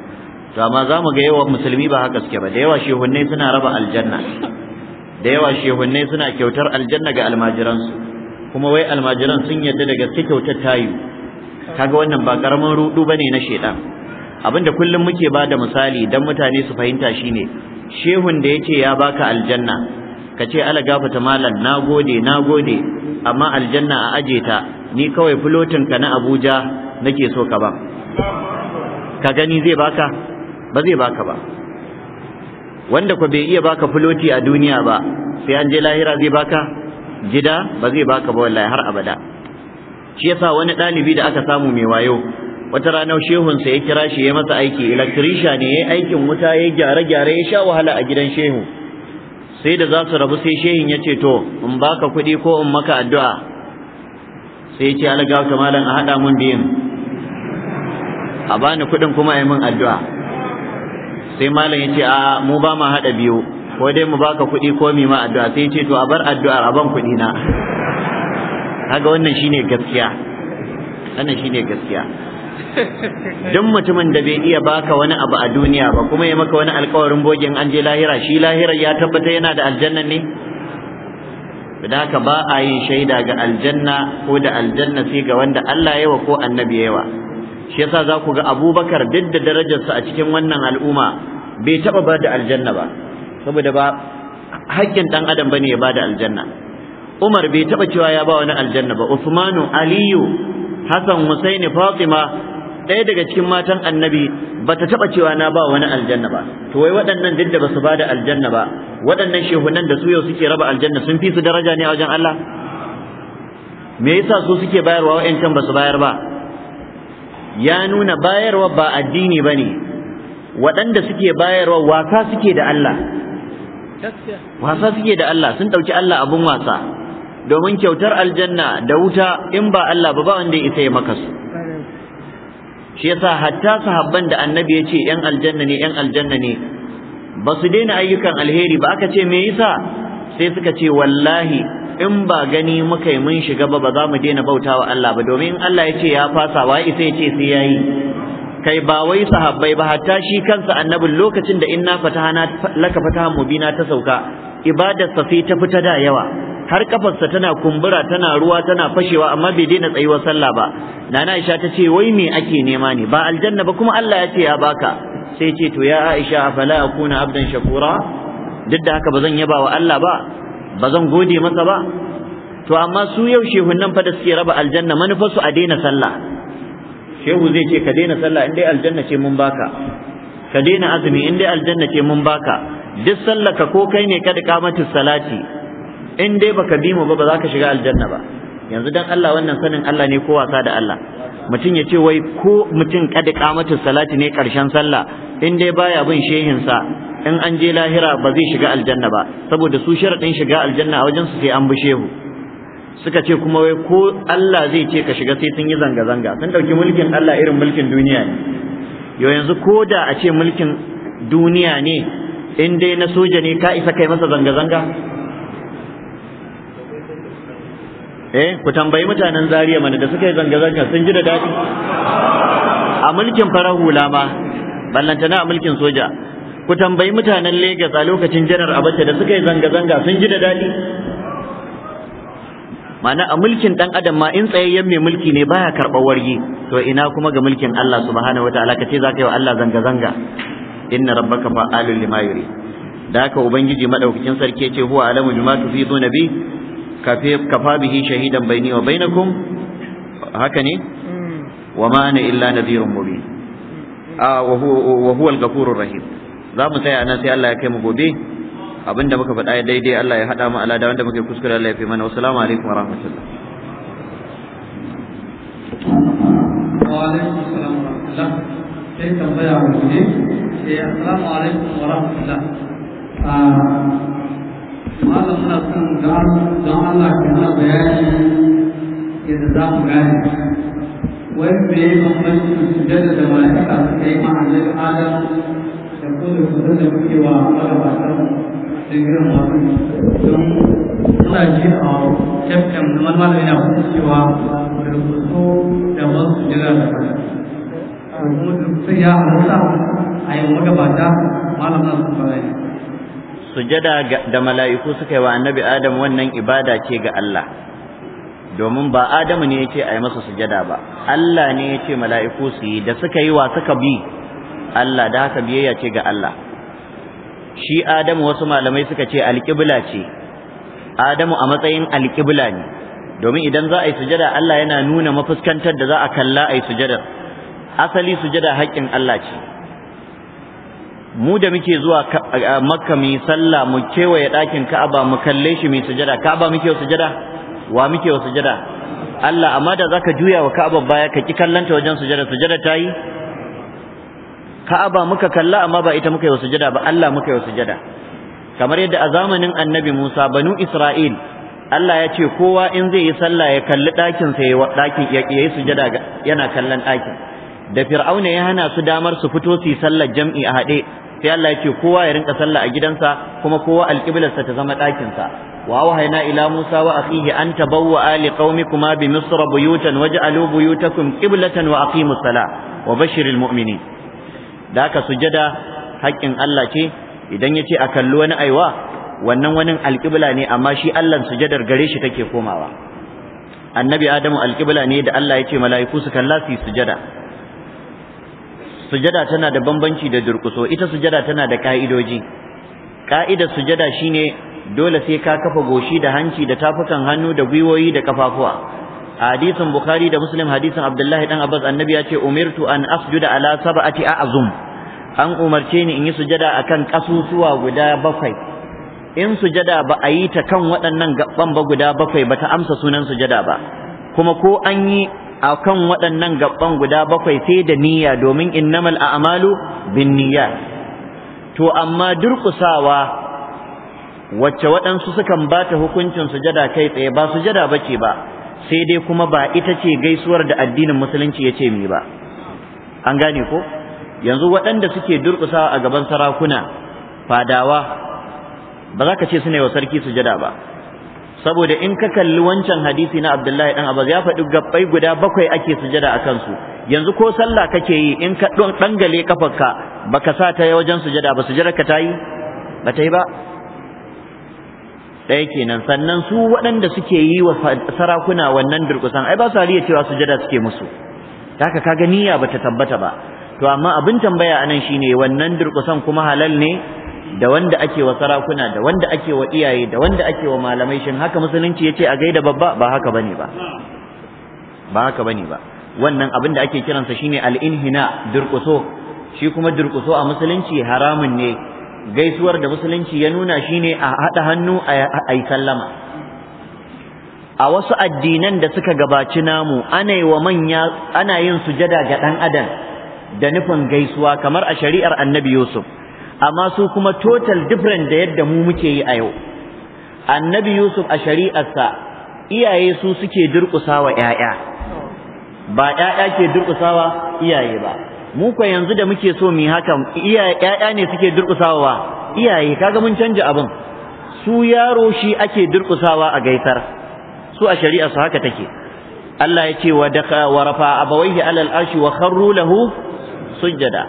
Speaker 2: to amma za ga yawa musulmi ba haka suke ba da yawa shehunnai suna raba aljanna da yawa shehunnai suna kyautar aljanna ga almajiransu kuma wai almajiran sun yarda daga su kyautar tayu kaga wannan ba karamin rudu bane na shedan abinda kullum muke ba da misali don mutane su fahimta shine shehun da yace ya baka aljanna ka ce ala gafata malam na gode na gode amma aljanna a aje ta ni kawai fulotin ka na abuja nake so ka ban ka gani zai baka ba zai baka ba wanda ku bai iya baka fuloti a duniya ba sai an je lahira zai baka gida ba zai baka ba wallahi har abada shi yasa wani ɗalibi da aka samu mai wayo wata rana shehunsa ya kira shi ya masa aiki electrician ne ya aikin wuta ya gyare gyare ya sha wahala a gidan shehu sai da za su rabu sai shehin ya ce to in baka kuɗi ko in maka addu'a sai ya ce alagawa malam a haɗa mun biyun a bani kuɗin kuma a yi min addu'a sai malam ya ce a mu ba ma haɗa biyu ko dai mu baka kuɗi ko mi ma addu'a sai ya ce to a bar addu'a a ban kuɗi na kaga wannan shine gaskiya wannan shine gaskiya don mutumin da bai iya baka wani abu a duniya ba kuma ya maka wani alkawarin bogin an je lahira shi lahira ya tabbata yana da aljanna ne da haka ba a yin shaida ga aljanna ko da aljanna sai ga wanda Allah yawa ko annabi yawa shi yasa za ku ga abubakar duk da darajarsa a cikin wannan al'umma bai taɓa ba da aljanna ba saboda ba haƙƙin ɗan adam ba ne ya ba da aljanna umar bai taɓa cewa ya ba wani aljanna ba usmanu aliyu Hassan Hussaini Fatima ɗaya daga cikin matan annabi ba ta taɓa cewa na ba wani aljanna ba to wai waɗannan duk da ba su aljanna ba waɗannan shehunan da su yau suke raba aljanna sun fi su daraja ne a wajen Allah me yasa su suke bayarwa wa'ancan ba su bayar ba ya nuna bayarwa ba addini ba ne waɗanda suke bayarwa wasa suke da Allah wasa suke da Allah sun ɗauki Allah abun wasa domin kyautar aljanna da wuta in ba Allah ba ba wanda isa ya maka su shi yasa hatta sahabban da annabi ya ce yan aljanna ne yan aljanna ne ba su daina ayyukan alheri ba aka ce me yasa sai suka ce wallahi in ba gani muka yi mun shiga ba ba za mu daina bautawa Allah ba domin Allah ya ce ya fasa wa isa ya ce sai yayi kai ba wai sahabbai ba hatta shi kansa annabin lokacin da inna na laka fataha mubina ta sauka ibadarsa sai ta fita da yawa har kafarsa tana kumbura tana ruwa tana fashewa amma bai daina tsayuwar sallah ba nana Aisha ta ce wai me ake nema ne ba aljanna ba kuma Allah ya ce ya baka sai ce to ya Aisha afala akuna abdan shakura duk da haka bazan yaba wa Allah ba bazan gode masa ba to amma su yau nan fa da suke raba aljanna manufar su a daina sallah shehu zai ce ka daina sallah in dai aljanna ce mun baka ka daina azumi in dai aljanna ce mun baka duk sallaka ko kai ne kada ka mata salati in dai baka bi mu ba ba za ka shiga aljanna ba yanzu dan Allah wannan sanin Allah ne ko wasa da Allah mutum ya ce wai ko mutum kada kamatu salati ne karshen sallah in dai baya bin shehin sa in an je lahira ba zai shiga aljanna ba saboda su sharadin shiga aljanna a wajen su sai an bi shehu suka ce kuma wai ko Allah zai ce ka shiga sai sun yi zanga zanga sun dauki mulkin Allah irin mulkin duniya ne yo yanzu ko da a ce mulkin duniya ne in dai na soja ne ka isa kai masa zanga zanga eh ku tambayi mutanen Zariya mana da suka yi zanga-zanga sun ji da daɗi a mulkin farar hula ma ballantana a mulkin soja ku tambayi mutanen Legas a lokacin janar Abacha da suka yi zanga-zanga sun ji da daɗi mana a mulkin dan adam ma in tsayayyen mai mulki ne baya karɓar wargi to ina kuma ga mulkin Allah subhanahu wataala kace za ka yi wa Allah zanga-zanga inna rabbaka fa'alul lima yuri da haka ubangiji madaukakin sarki yace huwa alamu jumatu fi bi kafa bihi shahidan baini wa bainakum haka ne mm. wa ma ana illa nadhirun mubin mm. a ah, wa huwa al-ghafurur rahim za mu tsaya nan sai Allah ya kai mu gobe abinda muka faɗa daidai Allah ya haɗa mu da wanda muke kuskure Allah ya fi mana wassalamu alaikum wa rahmatullah
Speaker 3: wa alaikum assalam wa rahmatullah sai tambaya mu ne sai assalamu alaikum wa rahmatullah ah, ya halatta a yi
Speaker 4: magabata malam nasu
Speaker 3: ba
Speaker 2: sujada da mala'iku suka yi wa annabi adam wannan ibada ce ga Allah domin ba adamu ne yake a yi masa sujada ba Allah ne yake mala'iku su yi da suka yi wa suka bi Allah da haka biyayya ce ga Allah shi adamu wasu malamai suka ce alƙibla ce adamu a matsayin alƙibla ne domin idan za a yi sujada Allah yana nuna mafuskantar da za a kalla a yi sujadar asali sujada haƙƙin Allah ce mu da muke zuwa makka mu sallah mu kewaye ɗakin ka'aba mu kalle shi mu sujada ka'aba muke sujada wa muke sujada Allah amma da zaka juya wa ka'aba baya ka ki kallanta wajen sujada sujada ta yi ka'aba muka kalla amma ba ita muka yi sujada ba Allah muka yi sujada kamar yadda a zamanin annabi Musa banu Isra'il Allah ya ce kowa in zai yi sallah ya kalli ɗakin sa ya yi sujada yana kallon ɗakin da fir'auna ya hana su damar su fito su yi sallar jam'i a haɗe sai Allah ya ce kowa ya rinka sallah a gidansa kuma kowa alƙiblarsa ta zama ɗakinsa wa haina ila Musa wa akhihi an tabawwa ali qaumikuma bi misra buyutan waj'alu buyutakum qiblatan wa aqimus sala wa bashiril mu'minin da ka sujada haƙƙin Allah ce idan yace a kalli wani aiwa wannan wani alƙibla ne amma shi Allah sujadar gare shi take komawa annabi adamu alƙibla ne da Allah ya ce mala'iku su kalla su sujada sujada tana da bambanci da durkuso ita sujada tana da ka'idoji ka'idar sujada shine dole sai ka kafa goshi da hanci da tafukan hannu da gwiwoyi da kafafuwa hadisin bukhari da muslim hadisin abdullahi dan abbas annabi ya ce umirtu an asjuda ala sab'ati a'zum an umarce ni in yi sujada akan kasusuwa guda bakwai in sujada ba a yi ta kan waɗannan gaban ba guda bakwai ba ta amsa sunan sujada ba kuma ko an yi a kan waɗannan gaban guda bakwai sai da niyya domin innamal a'malu niyya to amma durƙusawa wacce waɗansu sukan bata ta hukuncin sujada kai tsaye ba sujada bace ba sai dai kuma ba ita ce gaisuwar da addinin musulunci ya ce mi ba an gane ko yanzu waɗanda suke durƙusawa a gaban sarakuna fadawa ba za ka ce su ne wa sarki sujada ba saboda in ka kalli wancan hadisi na Abdullahi dan Abbas ya faɗi gabbai guda bakwai ake sujada a kansu. yanzu ko sallah kake yi in ka don dangale kafarka baka sa ta wajen sujada ba sujada ka tayi ba tayi ba ɗaya kenan sannan su waɗanda suke yi wa sarakuna wannan durkusan ai ba su haliya cewa sujada suke musu haka kaga niyya bata tabbata ba to amma abin tambaya anan shine wannan durkusan kuma halal ne da wanda ake wa sarakuna da wanda ake wa iyaye da wanda ake wa malamai shin haka musulunci yace a gaida babba ba haka bane ba ba haka bane ba wannan abin da ake kiransa shine al'inhina inhina shi kuma durkuso a musulunci haramun ne gaisuwar da musulunci ya nuna shine a haɗa hannu a yi sallama a wasu addinan da suka gabaci namu ana yi wa manya ana yin sujada ga ɗan adam da nufin gaisuwa kamar a shari'ar annabi yusuf amma su kuma total different da yadda mu muke yi a yau annabi yusuf a shari'arsa iyaye su suke durƙusawa ƴaƴa ba ƴaƴa ke durƙusawa iyaye ba mu ko yanzu da muke so mu yi haka ƴaƴa ne suke durƙusawa iyaye kaga mun canja abin su yaro shi ake durƙusawa a gaisar su a shari'arsa haka take Allah ya ce wa daka wa rafa abawaihi alal arshi wa kharru lahu sujjada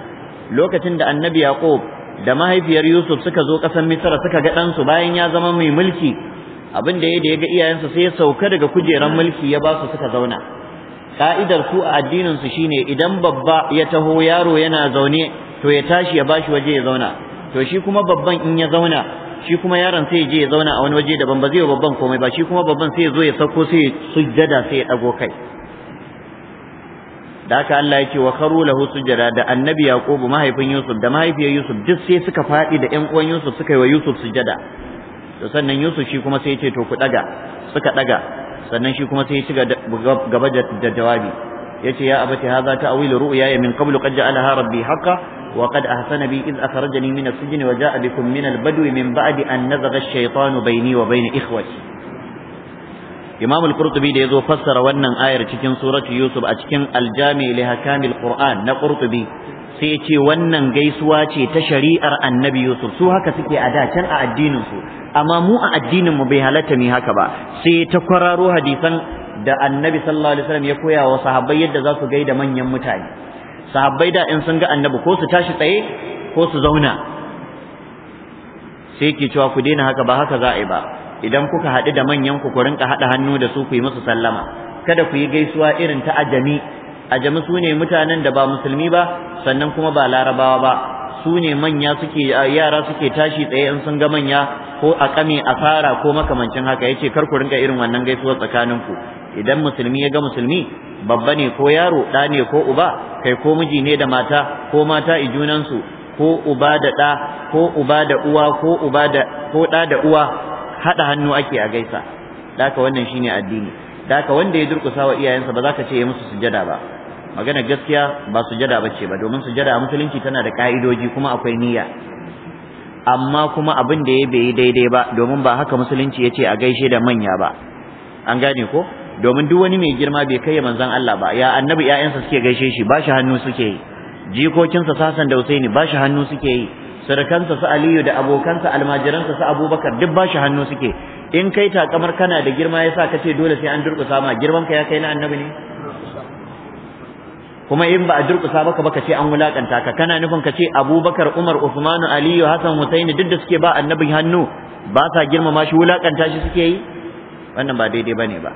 Speaker 2: lokacin da annabi yaqub da mahaifiyar Yusuf suka zo ƙasar Misra suka ga ɗansu bayan ya zama mai mulki abin da ya da ya ga iyayensa sai ya sauka daga kujeran mulki ya ba su suka zauna ka'idar su a addinin su shine idan babba ya taho yaro yana zaune to ya tashi ya bashi waje ya zauna to shi kuma babban in ya zauna shi kuma yaron sai ya je ya zauna a wani waje daban ba zai babban komai ba shi kuma babban sai ya zo ya sauko sai ya sujjada sai ya ɗago kai da aka Allah ya ce wa kharu lahu sujada da annabi yaqub mahaifin yusuf da mahaifiyar yusuf duk sai suka faɗi da ƴan uwan yusuf suka yi wa yusuf sujada to sannan yusuf shi kuma sai ya ce to ku daga suka daga sannan shi kuma sai ya ci gaba da jawabi ya ce ya abati hadha ta'wilu ru'yaya min qablu qad ja'alaha rabbi haqqan وقد أحسن بي wa أخرجني من السجن وجاء بكم من البدو من بعد أن نزغ الشيطان بيني وبين إخوتي imam al-qurtubi da yazo fassara wannan ayar cikin suratu yusuf a cikin al-jami li hakamil qur'an na qurtubi sai ce wannan gaisuwa ce ta shari'ar annabi yusuf su haka suke a da can a addinin su amma mu a addinin mu bai halatta mi haka ba sai ta kwararo hadisan da annabi sallallahu alaihi wasallam ya koya wa sahabbai yadda za su gaida manyan mutane sahabbai da in sun ga annabi ko su tashi tsaye ko su zauna sai ke cewa ku daina haka ba haka za a yi ba idan kuka haɗu da manyan ku ku rinka haɗa hannu da su ku yi musu sallama kada ku yi gaisuwa irin ta ajami ajami su ne mutanen da ba musulmi ba sannan kuma ba larabawa ba su ne manya suke yara suke tashi tsaye in sun ga manya ko a kame a fara ko makamancin haka yace kar ku rinka irin wannan gaisuwa tsakaninku idan musulmi ya ga musulmi babba ne ko yaro ɗa ne ko uba kai ko miji ne da mata ko mata i junansu ko uba da ɗa ko uba da uwa ko uba da ko ɗa da uwa Haɗa hannu ake a gaisa daka wannan shine addini daka wanda ya durkusa wa iyayensa ba za ka ce ya musu sujada ba magana gaskiya ba sujada ba ce ba domin sujada a musulunci tana da ka'idoji kuma akwai niyya amma kuma abin da ya bai daidai ba domin ba haka musulunci yace a gaishe da manya ba an gane ko domin duk wani mai girma bai kai manzon Allah ba ya annabi ƴaƴansa suke gaishe shi ba shi hannu suke yi jikokinsa sasan da Usaini ba shi hannu suke yi surukansa su aliyu da abokansa almajiransa su abubakar duk bashi hannu suke in kai takamar kana da girma yasa sa kace dole sai an durƙusa ma girman ka ya kai na annabi ne kuma in ba a durƙusa baka ba ce an wulakanta ka kana nufin kace ce abubakar umar usmanu aliyu hasan husaini duk da suke ba annabin hannu ba sa girmama shi wulakanta shi suke yi wannan ba daidai bane ba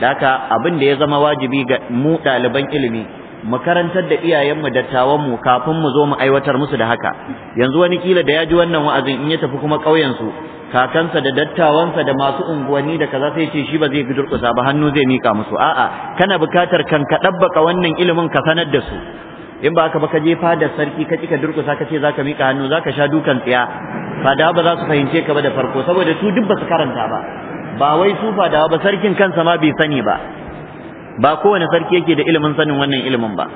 Speaker 2: da haka abin da ya zama wajibi ga mu ɗaliban ilimi mu karantar da iyayenmu dattawanmu kafin mu zo mu aiwatar musu da haka yanzu wani kila da ya ji wannan wa'azin in ya tafi kuma ƙauyensu kakansa da dattawansa da masu unguwanni da kaza sai ce shi ba zai durƙusa ba hannu zai mika musu a'a kana buƙatar kan ka ɗabbaka wannan ilimin ka sanar da su in ba haka ba ka je fadar sarki ka ka durƙusa ka ce za ka mika hannu za ka sha dukan tsiya fadawa ba za su fahimce ka ba da farko saboda su duk ba su karanta ba ba wai su fadawa ba sarkin kansa ma bai sani ba ba kowane sarki yake da ilimin sanin wannan ilimin ba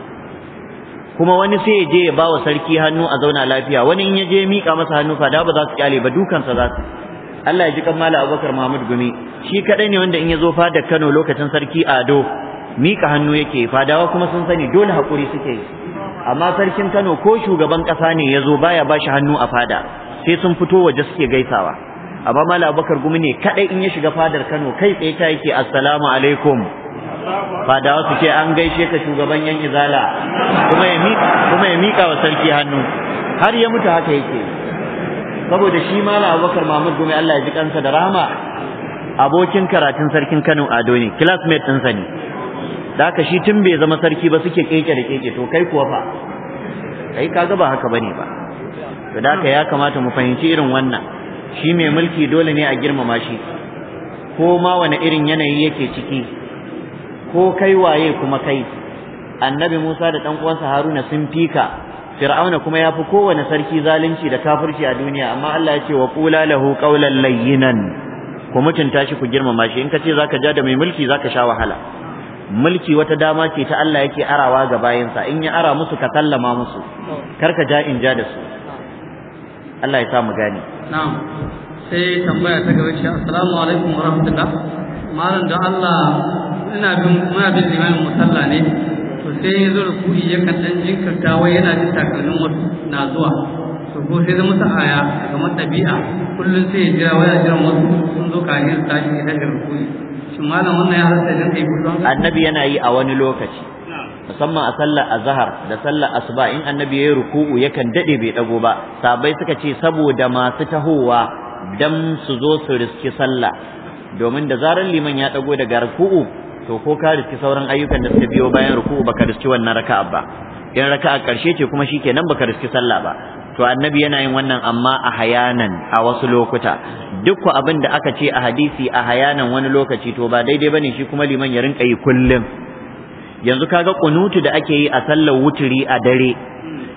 Speaker 2: kuma wani sai ya je ya bawa sarki hannu a zauna lafiya wani in ya je miƙa masa hannu fa da ba za su kyale ba dukansa za su Allah ya ji kan Malam Abubakar Muhammad Gumi shi kadai ne wanda in ya zo fadar Kano lokacin sarki Ado miƙa hannu yake fadawa kuma sun sani dole hakuri suke yi amma sarkin Kano ko shugaban ƙasa ne ya zo baya ba shi hannu a fada sai sun fito waje suke gaisawa amma Malam Abubakar Gumi ne kadai in ya shiga fadar Kano kai tsaye ta yake assalamu alaikum fadawa su ce an gaishe ka shugaban yan izala kuma ya miƙa wa sarki hannu har ya mutu haka yake saboda shi malam Abubakar Mahmud Gumi Allah ya ji kansa da rahama abokin karatun sarkin Kano Ado ne classmate ɗinsa ne da haka shi tun bai zama sarki ba suke keke da keke to kai kuwa fa kai kaga ba haka bane ba to da haka ya kamata mu fahimci irin wannan shi mai mulki dole ne a girmama shi ko ma wani irin yanayi yake ciki ko kai waye kuma kai annabi Musa da dan uwansa Haruna sun fika Fir'auna kuma ya fi kowane sarki zalunci da kafirci a duniya amma Allah ya ce wa qula lahu qawlan layyinan ku mutunta shi ku girmama shi in ka ce zaka ja da mai mulki zaka sha wahala mulki wata dama ce ta Allah yake arawa ga bayansa in ya ara musu ka sallama musu kar ka ja in ja da su Allah ya sa mu gane
Speaker 3: na'am sai tambaya ta gaba ce assalamu alaikum wa rahmatullah malam da Allah ina bin muna bin limamin musalla ne to sai ya zo rukui ya kallan jinkirta wai yana jin takalmin wasu na zuwa to ko sai zama sa'aya daga matabi'a kullum sai ya jira wani jiran wasu sun zo ka yi tashi ya tashi rukui shin malam wannan ya halatta jin kai kullum annabi
Speaker 2: yana yi a wani lokaci musamman a sallar azhar da sallar asuba in annabi ya yi ruku'u yakan dade bai dago ba sabai suka ce saboda masu tahowa dan su zo su riski sallah domin da zarar liman ya dago daga ruku'u to ko ka riski sauran ayyukan da suka biyo bayan ruku'u baka riski wannan raka'a ba in raka'a karshe ce kuma shikenan baka riski sallah ba to annabi yana yin wannan amma a hayanan a wasu lokuta duk abin da aka ce a hadisi a hayanan wani lokaci to ba daidai bane shi kuma liman ya rinka yi kullum yanzu kaga kunutu da ake yi a sallar wuturi a dare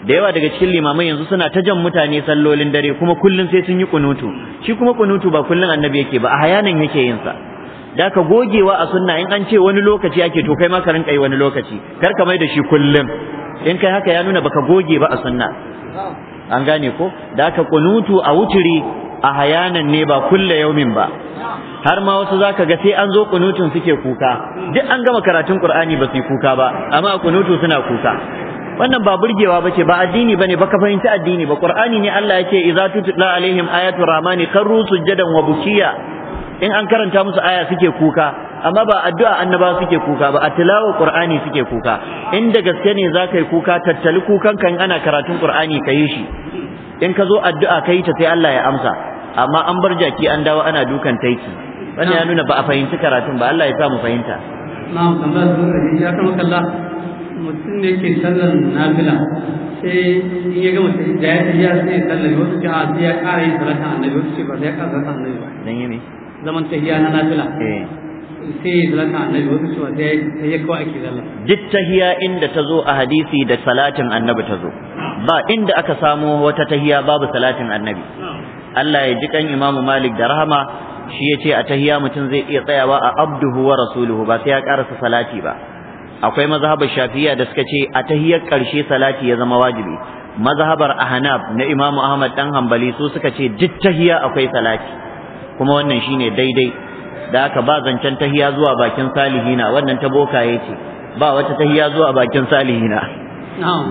Speaker 2: da yawa daga cikin limamai yanzu suna ta jan mutane sallolin dare kuma kullum sai sun yi kunutu shi kuma kunutu ba kullum annabi yake ba a hayanan yake yin sa da ka gogewa a sunna in an ce wani lokaci ake to kai ma ka rinka yi wani lokaci kar ka mai da shi kullum in kai haka ya nuna baka goge ba a sunna an gane ko da ka kunutu a wuturi a hayanan ne ba kulle yaumin ba har ma wasu zaka ga sai an zo kunutun suke kuka duk an gama karatun qur'ani ba su kuka ba amma a kunutu suna kuka wannan ba burgewa bace ba addini bane baka fahimci addini ba qur'ani ne Allah yake idza tutla alaihim ayatu rahmani kharru sujadan wa bukiya in an karanta musu aya suke kuka amma ba addu'a annaba suke kuka ba a tilawa qur'ani suke kuka in da gaske ne za ka yi kuka tattali kukan kan ana karatun qur'ani ka yi shi in ka zo addu'a ka yi ta sai Allah ya amsa amma an bar jaki an dawo ana dukan taiki wannan ya nuna ba a fahimci karatun ba Allah ya sa mu fahimta
Speaker 3: na'am kamar ya kama kalla. mutum ne ke sallar nafila sai in ya gama da ya sai sallar wasu ce a sai ya kara yin salatan annabi wasu ce ba sai ya kara salatan annabi ba dan yi ne zaman tahiya na nafila eh. sai ya zalata annabi wasu cewa sai ya kawo ake zalla duk
Speaker 2: tahiya inda ta zo a hadisi da salatin annabi ta zo ba inda aka samo wata tahiya babu salatin annabi Allah ya ji kan Imam Malik da rahama shi ya ce a tahiya mutum zai iya tsayawa a abduhu wa rasuluhu ba sai ya karasa salati ba akwai mazhabar shafiya da suka ce a tahiyar karshe salati ya zama wajibi mazhabar ahnab na Imamu Ahmad dan Hanbali su suka ce duk tahiya akwai salati kuma wannan shine daidai da aka ba zancen tahiya zuwa bakin salihina wannan ta bokaye ce ba wata tahiya zuwa bakin salihina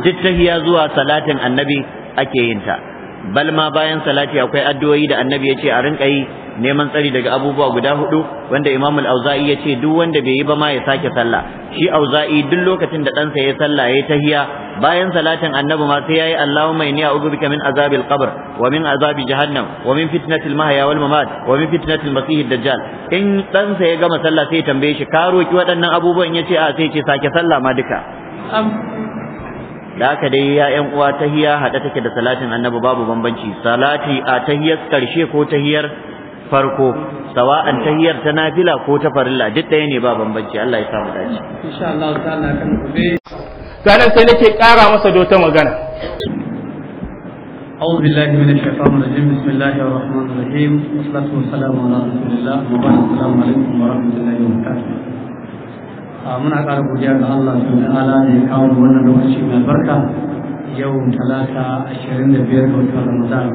Speaker 2: duk tahiya zuwa salatin annabi ake yin ta bal ma bayan salati akwai addu'o'i da annabi ya ce a rinka yi neman tsari daga abubuwa guda hudu wanda imam al-auza'i ya ce duk wanda bai yi ba ma ya sake sallah shi auza'i duk lokacin da ɗansa ya sallah ya tahiya bayan salatin annabi ma sai yayi allahumma inni a'udhu bika min azabil qabr wa min azabi jahannam wa min fitnatil mahya wal mamat wa min fitnatil masiihid dajjal in ɗansa ya gama sallah sai ya tambaye shi ka roki waɗannan abubuwan ya ce a sai ce sake sallah ma duka da aka dai ya ƴan uwa tahiya hada take da salatin annabi babu bambanci salati a tahiyar karshe ko tahiyar farko sawa'an tahiyar ta nafila ko ta farilla duk ɗaya ne ba bambanci Allah ya sa mu dace
Speaker 3: insha Allah ta'ala kan
Speaker 1: gobe kana sai nake ƙara masa dota magana
Speaker 3: أعوذ بالله من الشيطان الرجيم بسم الله الرحمن الرحيم والصلاة والسلام على رسول الله وبعد السلام عليكم ورحمة الله وبركاته Ah, muna ƙara godiya ga Allah su ta'ala da ya kawo wannan lokaci mai albarka yau talata ashirin da biyar ga watan ramadan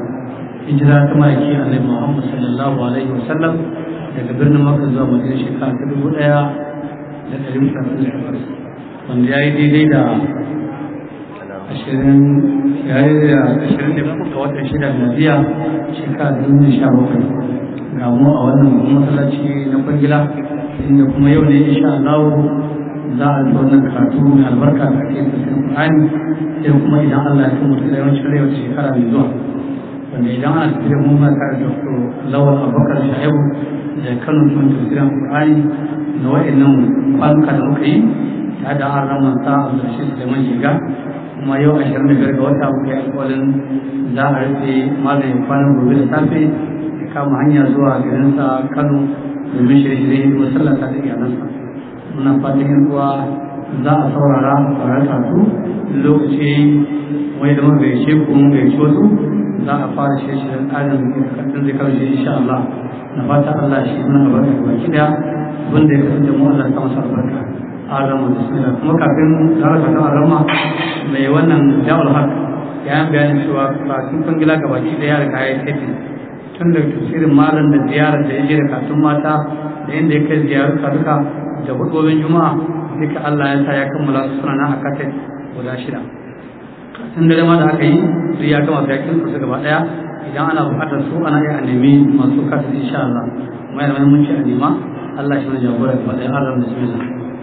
Speaker 3: hijira ta ma'aiki annabi muhammad sallallahu alaihi wa sallam daga birnin makka zuwa madina shekara ta dubu ɗaya da ɗari mutane da wanda ya yi daidai da ashirin ya yi da ashirin da ga watan shida da biya shekara dubu da sha bakwai ga mu a wannan masallaci na kwangila inda kuma yau ne insha Allah za a zo wannan karatu mai albarka da ake yin tafsirin Qur'ani sai kuma idan Allah ya kuma mutu da yawancin rayuwar shekara mai zuwa wanda idan ana tafiya mu ma tare da Dr. Lawal Abubakar Shaibu da Kano tun tafsirin Qur'ani na wa'annan kwanuka da muka yi ta da an ramanta da man Shiga kuma yau ashirin da biyar ga wata muka yi alƙawarin za a rufe maganin kwanan gobe da safe kama hanya zuwa garinsa kano domin shirye-shirye da masallata da iyalansa muna fatan yan za a saurara tare su lokaci wani da muka gaishe ko mun gaishe wasu za a fara shirye-shiryen ƙarin kaɗin zai kawo shi insha Allah na fata Allah shi muna albarka ga baki daya abin da ya kasance mu Allah ta masa albarka alamu suna kuma kafin tare da alama mai wannan jawal haka ya yi bayanin cewa sun kwangila ga baki da da kayan tafi tun daga tafsirin malam da ziyarar da ya je da katun mata da inda ya kai ziyarar duka da hudobin juma'a duka Allah ya sa ya kammala su suna nan a kaset guda shida katun dare ma da aka yi duk ya gama bakin su gaba daya idan ana bukatar su ana iya nemi masu kaset insha Allah kuma yana mun a nema Allah shi ne jagora gaba daya Allah